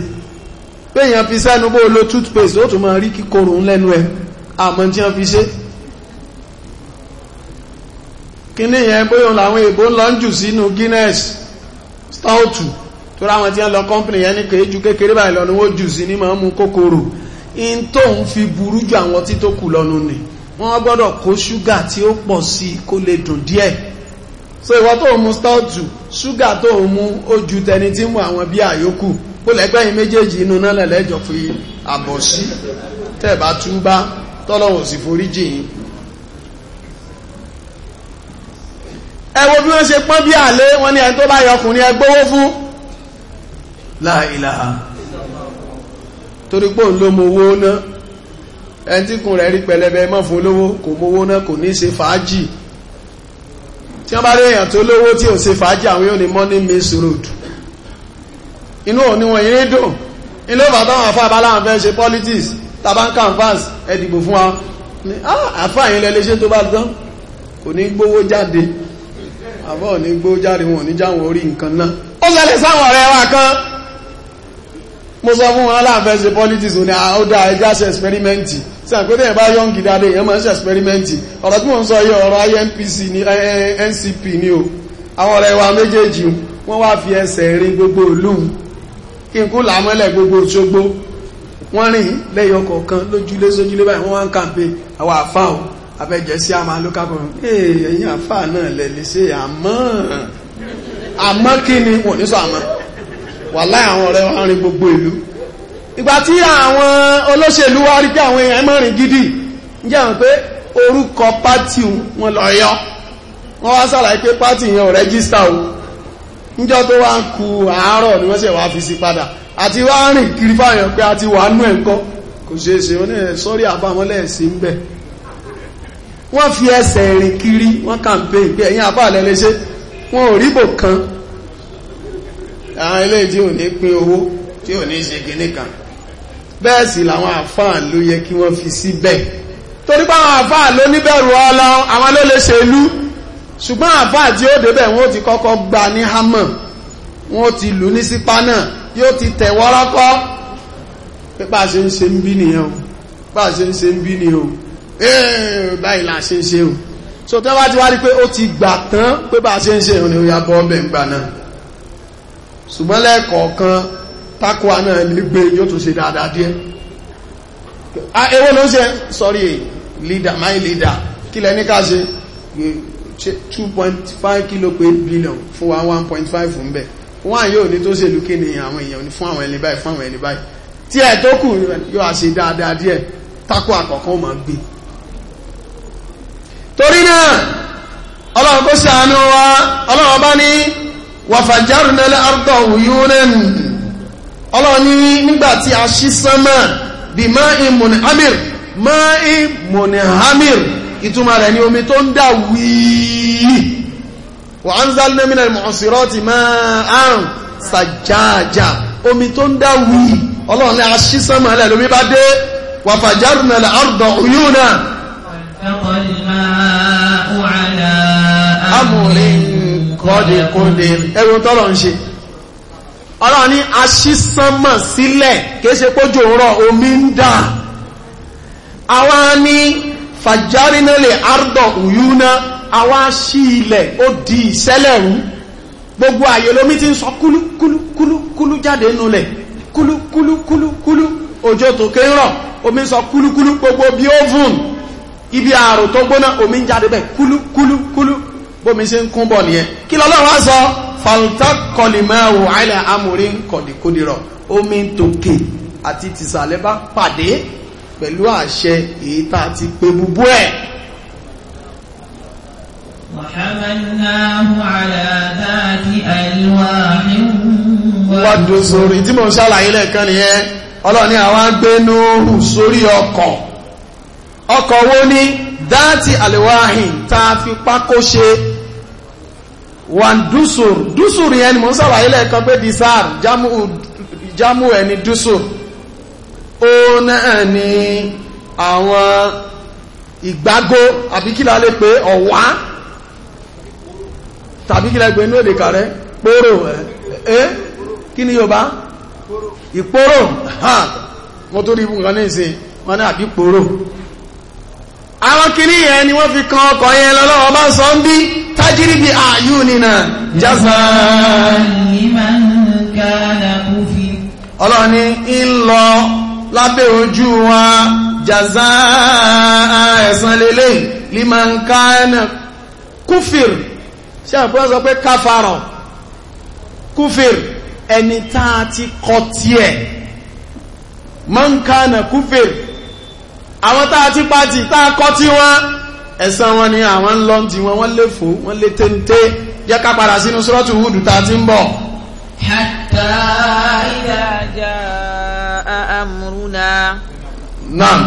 péèyàn fi sẹ́nu bó lo toothpaste ó tún máa rí kíkorò ń lẹ́nu ẹ̀ àmọ́ tí wọ́n fi ṣe kíní yẹn bóyá làwọn èèbó ń lọ ń jù sínú Guinness stout tó ráwọn tí wọ́n lọ company yẹn ní kéèjú kékeré báyìí lọ ni wọ́n jù sí ní máa ń mu kòkòrò in tó ń fi burú ju àwọn tí lọ́nu nìí wọ́n gbọ́dọ̀ kó ṣúgà tí ó pọ̀ sí kó lè dùn díẹ̀ so ìwọ tó mú stọ́ọ̀tù ṣúgà tó mú ojú tẹni tí mú àwọn bí àyókù kó lẹ́gbẹ́yìn méjèèjì inú náà lẹ́lẹ́jọ fi àbọ̀ sí tẹ́ẹ̀bá túbá tọ́lọ́wọ̀ sì foríjì yìí ẹ wo bí wọ́n ṣe pọ́n bí àlé wọ́n ní ẹni tó bá yọ ọkùnrin ẹ gbówó fún láìláha torí pé òun ló mú owó náà ẹni tí kùn rẹ̀ rí pẹlẹbẹ mọ́ fún olówó kò mówó náà kò ní ṣe fàájì tí wọ́n bá rí èèyàn tó lówó tí ò ṣe fàájì àwọn yóò ní money miss road inú òní wọn yìí dùn ilé ìfà táwọn afá abaláwọn fẹ́ ṣe politics taban canvas ẹ̀dìbò fún wa Ah, àfá yìí lẹ́lẹ́ ṣe tó bá dán kò ní gbówó jáde àbọ̀ ní gbówó jáde wọn ò ní jáwọn orí nǹkan náà ó lẹ́lẹ́ sáwọn ọ̀rẹ́ wa kan mo sọ fún wọn láàfẹ́ ṣe politics òní àódà ah, ẹgbẹ́ ṣe experimenti sàpẹ́tẹ̀ bá yọ́ǹgì dáadé èèyàn máa ń ṣe experimenti ọ̀rọ̀ tí wọ́n sọ yí ọ̀rọ̀ INPC ní eh, eh, NCP ní o àwọn ọ̀rẹ́ wa méjèèjì wọ́n wá fi ẹsẹ̀ rìn gbogbo ìlú kí n kú làmọ́lẹ̀ gbogbo Òṣogbo wọ́n rìn lẹ́yọ kọ̀ọ̀kan lójúlé sójúlé báyìí wọ́n wá ń kàǹpé àwọn àfáà abẹ́jẹ́ sí àmà local government eh, ẹ̀yìn àfáà náà lẹ̀ lè ṣe àmọ́ àmọ́ kí ni wàláhì àwọn ọ̀rẹ́ wa rìn gbogbo ìlú ìgbà tí àwọn olóṣèlú wá rí pé àwọn èèyàn mọ́ gidi ń jẹ́ àwọn pé orúkọ pátì wọn lọ yọ wọ́n wá sàlàyé pé pátì yẹn ò rẹ́gísítà o níjọ́ tó wá ń ku àárọ̀ ni wọ́n sì wá fi sí padà àti wá rìn kiri fáyàn pé a ti wà nú ẹ̀ńkọ́ kò ṣeé ṣe wọ́n ní eh, sọ́rí àbámọ́lẹ̀ sí ń bẹ̀ wọ́n fi ẹsẹ̀ rìn kiri wọ́n kàǹpé ìpé ẹ̀yìn àbáàlẹ́ léṣe wọn ò ríbò kan àwọn ilé tí ò ní pín owó tí ò ní ṣe kìíní kan bẹ́ẹ̀ sì làwọn àfáà ló yẹ kí wọ́n fi síbẹ̀ torí pé àwọn àfáà ló níbẹ̀rù Ọlọ́run àwọn ló lè ṣèlú ṣùgbọ́n àfáà tí ó débẹ̀ wọ́n ti kọ́kọ́ gba ní hámà wọ́n ti lù ní sípá náà yóò ti tẹ̀ wọ́rọ́kọ́ pé bá a ṣe ń ṣe ń bí nìyẹn o bá a ṣe ń ṣe ń bí nìyẹn o ee báyìí là ṣe ń ṣe o so tẹ́wájú wá rí pé ó ti gbà tán pé ṣe ń ṣe òun ni ó yà bọ́ ọbẹ̀ ń gbà náà ṣùgbọ́n lẹ́ẹ̀kọ̀ọ̀kan takwa náà lè gbé yóò tún ṣe dáadáa díẹ̀ ewé ló ṣe sorry leader my leader kí lẹ ní ká ṣe 2.5 kilo pé billion fún wa 1.5 fún bẹ̀ wọ́n yóò ní tó ṣe lókè ni àwọn èèyàn ní fún àwọn ẹni báyìí fún àwọn ẹni báyìí tí ẹ tó kù yóò a ṣe dáadáa díẹ̀ takwa àkọ́kọ́ máa gbé torí náà ọlọ́run kó ṣàánú wa ọlọ́run bá ní wàfàjárùn ẹlẹ́ àrùdọ̀ òyúnrẹ́n ọlọ́ni nígbàtí a ṣí sánmà bí máa in mọ̀nì hamir máa in mọ̀nì hamir ìtumà rẹ̀ ni omi tó ń dà wíì wà á ń zá lẹ́mìnà ìmọ̀ọ̀sìrọ́ ti máa àrùn sàjáàjá omi tó ń dà wíì ọlọ́ni a ṣí sánmà ẹlẹ́ lómi bá dé wàfàjárùn ẹlẹ́ àrùdọ̀ òyúnrẹ́n kọ́dì kúndì ẹ̀rùn tọ́lọ̀ ń ṣe ọlọ́run ní aṣísánmọ̀ sílẹ̀ kéṣe pójò rọ̀ omi ń dà àwa ní fàjárínálẹ̀ ardọ̀ òyúná àwa ṣí ilẹ̀ ó di ìṣẹ́lẹ̀rú gbogbo àyè lómi ti ń sọ kúlúkúlúkúlú jáde nulẹ̀ kúlúkúlúkúlú òjò tòkè ń rọ̀ omi ń sọ kúlúkúlú gbogbo bí ó vùn ibi ààrò tó gbóná omi ń jáde bẹ́ẹ̀ kúlúkúlúkúlú bómi ṣe ń kún bọ̀ nìyẹn kí lọ́lọ́run á sọ faltakọlìmọ́wò àìlẹ̀ amòrin kọ̀dìkọdìrọ̀ omi tòkè àti tìsàlẹ̀ bá pàdé pẹ̀lú àṣẹ èyí tá a ti pe bubú ẹ̀. wọ́dùn sórí tí mo ń ṣàlàyé lẹ́ẹ̀kan nìyẹn ọlọ́ni àwọn agbénú sórí ọkọ̀ ọkọ̀ wo ni dáàtì àlèwáhìn tá a fi pákó ṣe wọn dúsùr dúsùr yẹn ni mo ń sàlàyé lẹ́ẹ̀kan pé disar jámù ẹni dúsùr ó náà ni àwọn ìgbágó àbí kí la lè pé ọ̀wá tàbí kí la gbé inú èdè kàrẹ́ pòrò ẹ́ kí ni yóò bá ìpòrò ha mo tó rí ibùn kan ní ìsìn wọn ní àbí pòrò àwọn kìíní yẹn ni wọ́n fi kan ọkọ̀ yẹn lọ́lọ́wọ́ bá sọ ń bí tájírí bí ààyù nìna jásà ọlọ́run ní ń lọ lábẹ́ ojú wa jásà ẹ̀san lélẹ̀ limankana kúfìr ṣe àpọ́ sọ pé káfàrọ̀ kúfìr ẹni tá ti kọ tiẹ̀ mankana kúfìr àwọn tá a ti pati tá a kọ́ tí wọ́n ẹ̀san wọn ni àwọn ń lọ tí wọ́n wọ́n lè fò wọ́n lè téńté jẹ́ ká padà sínú sọ́ọ̀tù húdù tá a ti ń bọ̀. hatta idha jaa amruna. naam.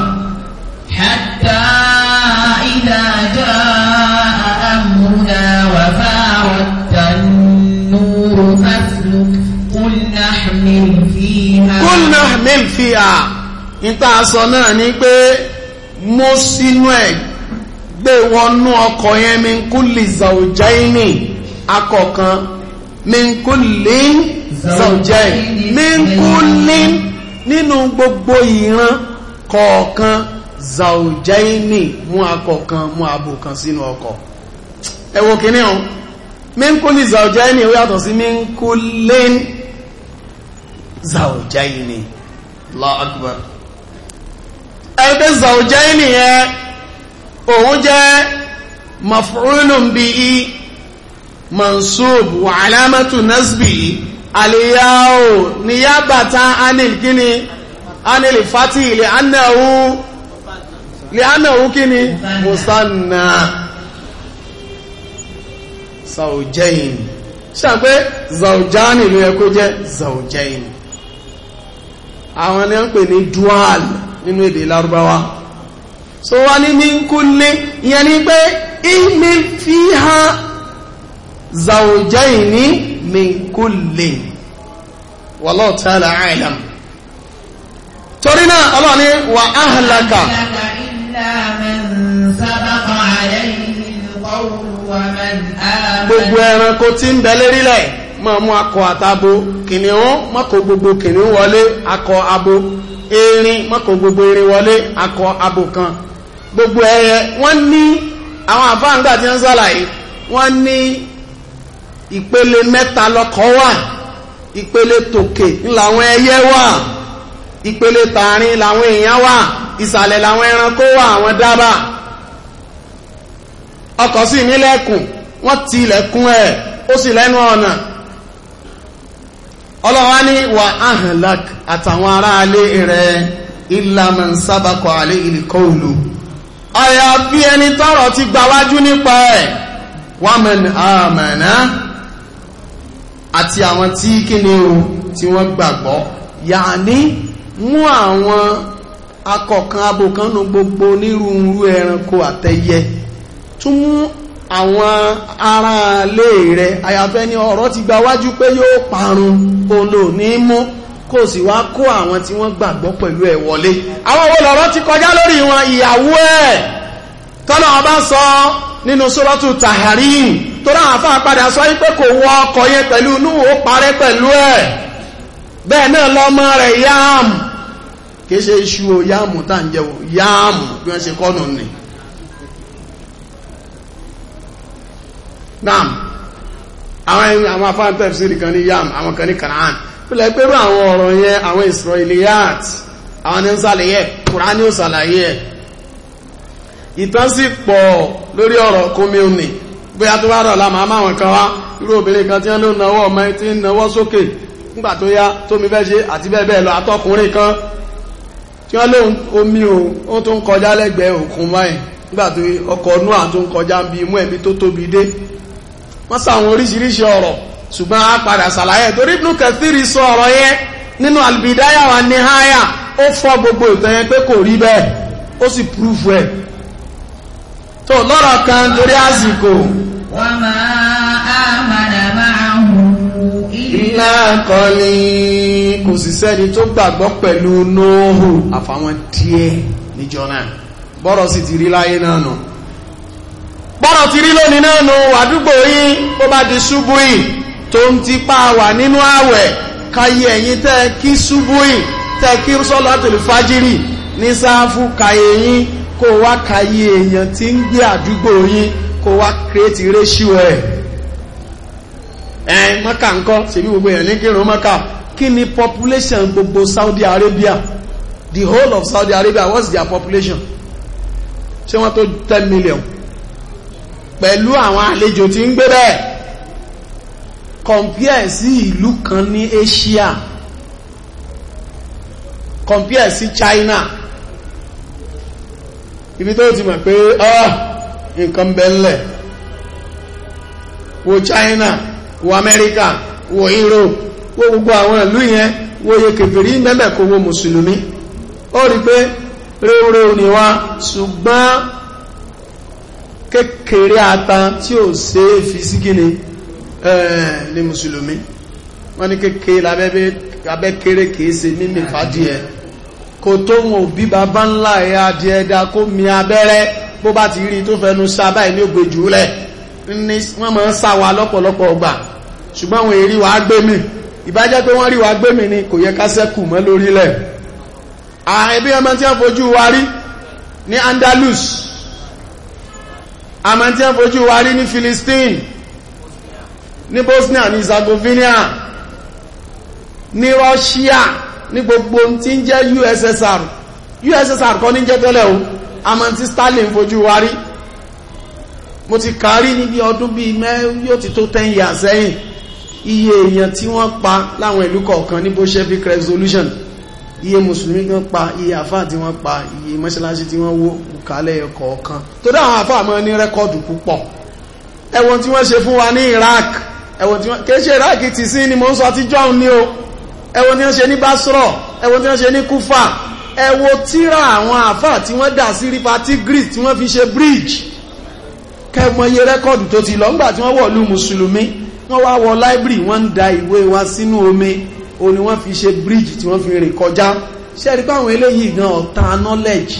hatta idha jaa amruna wa faratan nuru fasluk qul nahmil fiha. qul nahmil fiha. níta sọ náà ni pé mú sínú gbé wọnú yẹn mi kú lè zàwùjáìní mi kú lè mi kú lè gbogbo ìran kọ̀ọ̀kan zàwùjáìní mú akọ̀kan mú abo kan sínú ọkọ̀ ẹ wo o mi kú lè zàwùjáìní ó yàtọ̀ sí mi kú lè ẹgbẹ́ zàwùjẹ́ nìyẹn òun jẹ́ maf'ulun bihi mansub wa alamatu nasbi aliyahu niyabata anil kini anil fati li annahu li annahu kini musanna zawjain ṣàpẹ́ zawjani ló yẹ kó jẹ́ zawjain àwọn ni wọ́n pè ní dual nínú èdè lárúbáwá so wá ní ní kúlé ìyẹn ni pé ìmí fi ha zawjaini min kulli wallahu ta'ala a'lam torí náà ọlọ́ni wà áhàlákà gbogbo ẹranko tí ń bẹ lérílẹ̀ máa mú akọ àtabo kìnìún mọ́kò gbogbo kìnìún wọlé akọ abo erin mọ́kò gbogbo erin wọlé akọ abo kan gbogbo ẹyẹ wọ́n ní àwọn àfáàǹgbà tí wọ́n sàlàyé wọ́n ní ìpele mẹ́ta lọ́kọ̀ wà ìpele tòkè làwọn ẹyẹ wà ìpele tààrin làwọn èèyàn wà ìsàlẹ̀ làwọn ẹranko wà àwọn dábà ọkọ̀ sí nílẹ̀kùn wọ́n ti ilẹ̀kùn ẹ̀ ó sì lẹ́nu ọ̀nà ọlọ́wà ní wà áhànlák àtàwọn ará alé rẹ̀ ìlàmà sábàkọ̀ alé ìlìkọ́ òlù àyàfi ẹni tọ́rọ̀ ti gbàwájú nípa ẹ̀ wàmàn àmàná àti àwọn tí kíni o tí wọ́n gbàgbọ́ yàní mú àwọn akọ̀kan abòkánú gbogbo onírúurú ẹranko àtẹyẹ tún mú àwọn ara lè rẹ̀ àyàfẹ́ ni ọ̀rọ̀ ti gba wájú pé yóò parun olò ní mú kò sì wá kó àwọn tí wọ́n gbàgbọ́ pẹ̀lú ẹ̀ wọlé àwọn owó lọ̀rọ̀ ti kọjá lórí wọn ìyàwó ẹ̀ tọ́nà ọba sọ nínú sórọ́tù taharim tó ráhàn fáà padà sọ wípé kò wọ ọkọ̀ yẹn pẹ̀lú inú ó parẹ́ pẹ̀lú ẹ̀ bẹ́ẹ̀ náà lọ́mọ rẹ̀ yáàmù kìí ṣe iṣu yáàmù tá à ń jẹ́ yáàmù bí wọ́n ṣe kọ́nù nìí dam àwọn àwọn afáàn kan ní yam àwọn kan ní kanaan pẹ̀lẹ̀ pẹ̀lú àwọn ọ̀rọ̀ yẹn àwọn israeliyat àwọn ní ń sàlàyé kùránì ó sàlàyé ìtàn sì pọ̀ lórí ọ̀rọ̀ kómi òní bóyá tó bá rọ̀ lámà máwọn kan wá irú obìnrin kan tí wọ́n ló nawọ́ ọmọ tí ń sókè nígbà tó yá tómi fẹ́ kan tí omi ó kọjá lẹ́gbẹ̀ẹ́ òkun báyìí nígbà tó ọkọ̀ ọdún ẹ̀mí wọ́n sọ àwọn oríṣiríṣi ọ̀rọ̀ ṣùgbọ́n a padà ṣàlàyé torí Ibn Kathir sọ ọ̀rọ̀ yẹn nínú Al-Bidaya wa Nihaya ó fọ́ gbogbo ìtàn yẹn pé kò rí bẹ́ẹ̀ ó sì púrúfù ẹ̀ tó lọ́rọ̀ kan torí àsìkò. wọ́n máa àmàlà máa hù ilá kọ́lí kò sì sẹ́ni tó gbàgbọ́ bọ́rọ̀ ti rí lónìí náà nù àdúgbò yín ó bá di ṣubúì tó ń ti pa wà nínú ààwẹ̀ kayé ẹ̀yin tẹ́ kí ṣubúì tẹ́ kí sọ́látùl fájírì ní sáfù kayé yín kó wá kayé èèyàn tí ń gbé àdúgbò yín kó wá kírètì réṣíò ẹ̀ ẹ̀ mọ́kà ńkọ́ ṣèbí gbogbo èèyàn ní kírun mọ́kà kí ni population gbogbo Saudi Arabia the whole of Saudi Arabia what's their population ṣé wọ́n tó ten million pẹ̀lú àwọn àlejò tí ń gbé bẹ́ẹ̀ compare sí ìlú kan ní Asia compare sí China ibi tó ti mọ̀ pé ọ́ ah, nǹkan bẹ́ńlẹ̀ wo China wo America wo Europe wo gbogbo àwọn ìlú yẹn wo iye kèfèrí mẹ́mẹ́kọ̀ wo mùsùlùmí ó rí pé rẹ́wúrẹ́wú ni wá ṣùgbọ́n kékeré ata tí ó ṣe é fi sí gíní ní mùsùlùmí wọ́n ní kékeré abẹ́kéré kìí ṣe mímì fàdíẹ̀ kò tó wọn òbí bàbá ńlá ẹ̀yà adìẹ dá kó mi abẹ́rẹ́ bó bá ti rí tó fẹnu sábà ní ògbèjú lẹ̀ ní wọ́n máa ń sá wa lọ́pọ̀lọpọ̀ ọgbà ṣùgbọ́n àwọn èrí wa gbé mi ìbájẹ́ pé wọ́n rí wa gbé mi ni kò yẹ ká ṣẹ́kù mọ́ lórílẹ̀ àìbí ọmọ tí wọ́n fojú wa rí ní Andalus àmọ́ tí wọ́n fojú wa rí ni Philistine ní Bosnia ni Zagovinia, ni Russia ni gbogbo tí ń jẹ́ USSR USSR kọ́ ní jẹ́ tẹ́lẹ̀ o àmọ́ tí Stalin fojú wa rí mo ti kárí bi ọdún bíi mẹ́ yóò ti tó ten years sẹ́yìn iye èèyàn tí wọ́n pa láwọn ìlú kọ̀ọ̀kan ní bolshevik revolution iye mùsùlùmí tí wọ́n pa iye àfáà tí wọ́n pa iye mọ́ṣáláṣí tí wọ́n wó kálẹ̀ ẹ̀kọ́ kan tó dáwọn àfáà mọ́ ní rẹ́kọ́ọ̀dù púpọ̀ ẹwọ́n tí wọ́n ṣe fún wa ní Iraq ẹwọ́n tí wọ́n kéṣe Iraq ti sí ni mo ń sọ àtijọ́ ní o ẹwọ́n tí wọ́n ṣe ní Basra ẹwọ́n tí wọ́n ṣe ní Kufa ẹwọ́ tíra àwọn àfáà tí wọ́n dà sí ripa Tigris tí wọ́n fi ṣe bridge kẹmọ iye rẹ́kọ́ọ̀dù tó ti lọ ńgbà tí wọ́n wọ̀lú mùsùlùmí wọ́n wá wọ library wọ́n ń da ìwé wa sínú omi o ni wọ́n fi ṣe bridge. tí wọ́n fi rìn kọjá ṣẹ́rí páwọn eléyìí gan ọ̀tá knowledge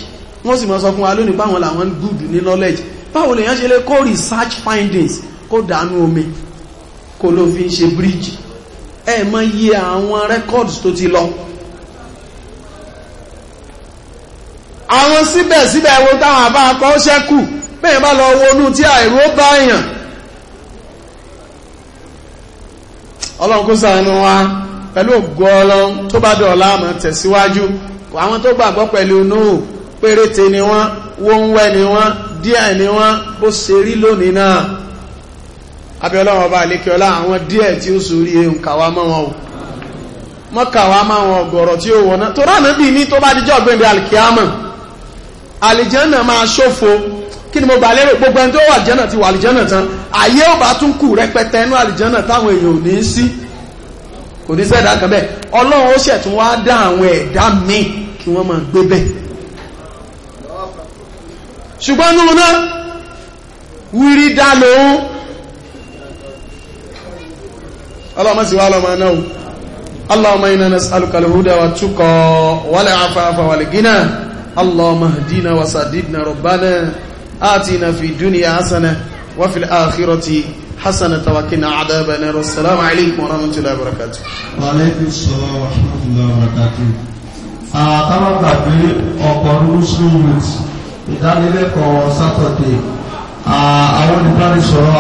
wọ́n sì máa sọ fún wa lónìí páwọn làwọn good ní knowledge báwo lèyàn ṣe lè kó research findings kó dànù omi kó ló fi ṣe bíríjì ẹ mọ iye àwọn records tó ti lọ àwọn síbẹ̀síbẹ̀ wo táwọn àbá akọ́ ṣẹ́kù bẹ́ẹ̀ bá lọ wọnú tí àìró bá èèyàn ọlọ́run kó ṣàánú wa pẹ̀lú ògọ́ọlọ́n tó bá dọ̀ọ̀lá àmọ́ tẹ̀síwájú àwọn tó gbàgbọ́ pẹ̀lú nóò péréte ni wọ́n wóńwẹ́ ni wọ́n díẹ̀ ni wọ́n bó ṣe rí lónìí náà abẹ́ọlọ́wọ́ ọba àlékẹ́ọlá àwọn díẹ̀ tí ó sórí ehun kàwá mọ́ wọn o mọ́kàwá máa wọn ọ̀gọ̀rọ̀ tí ó wọ̀ná tó ránà bí ní tó bá díjọ́ ọ̀gbẹ̀ndẹ̀ alìkíámà alìjẹ́nà máa ṣòfò kí ni mo gbà lérò gbogbo ẹni tó wà jẹ́nà ti wà alìjẹ́nà tán ayé ò bá tún kù rẹpẹtẹ inú alìjẹ́nà táwọn èèyàn ò ní sí kò ní sẹ́dá kan bẹ́ẹ̀ ọlọ́run ó ṣẹ̀tún wá dá àwọn ẹ̀dá míì kí wọ́n máa gbé bẹ́ẹ̀ ṣùgbọ́n nínú náà wírí dá lóhun ọlọ́mọ sí wá lọ́mọ náà اللهم إنا نسألك الهدى والتقى والعفاف والغنى اللهم اهدنا وسددنا ربنا آتنا في الدنيا حسنة وفي الآخرة حسنة وقنا عذاب النار والسلام عليكم ورحمة الله وبركاته وعليكم السلام ورحمة الله وبركاته àtàwọn gbàgbé ọ̀pọ̀lú muslim youth ìdánilẹ́kọ̀ọ́ sátọ̀dé àwọn ìbánisọ̀rọ̀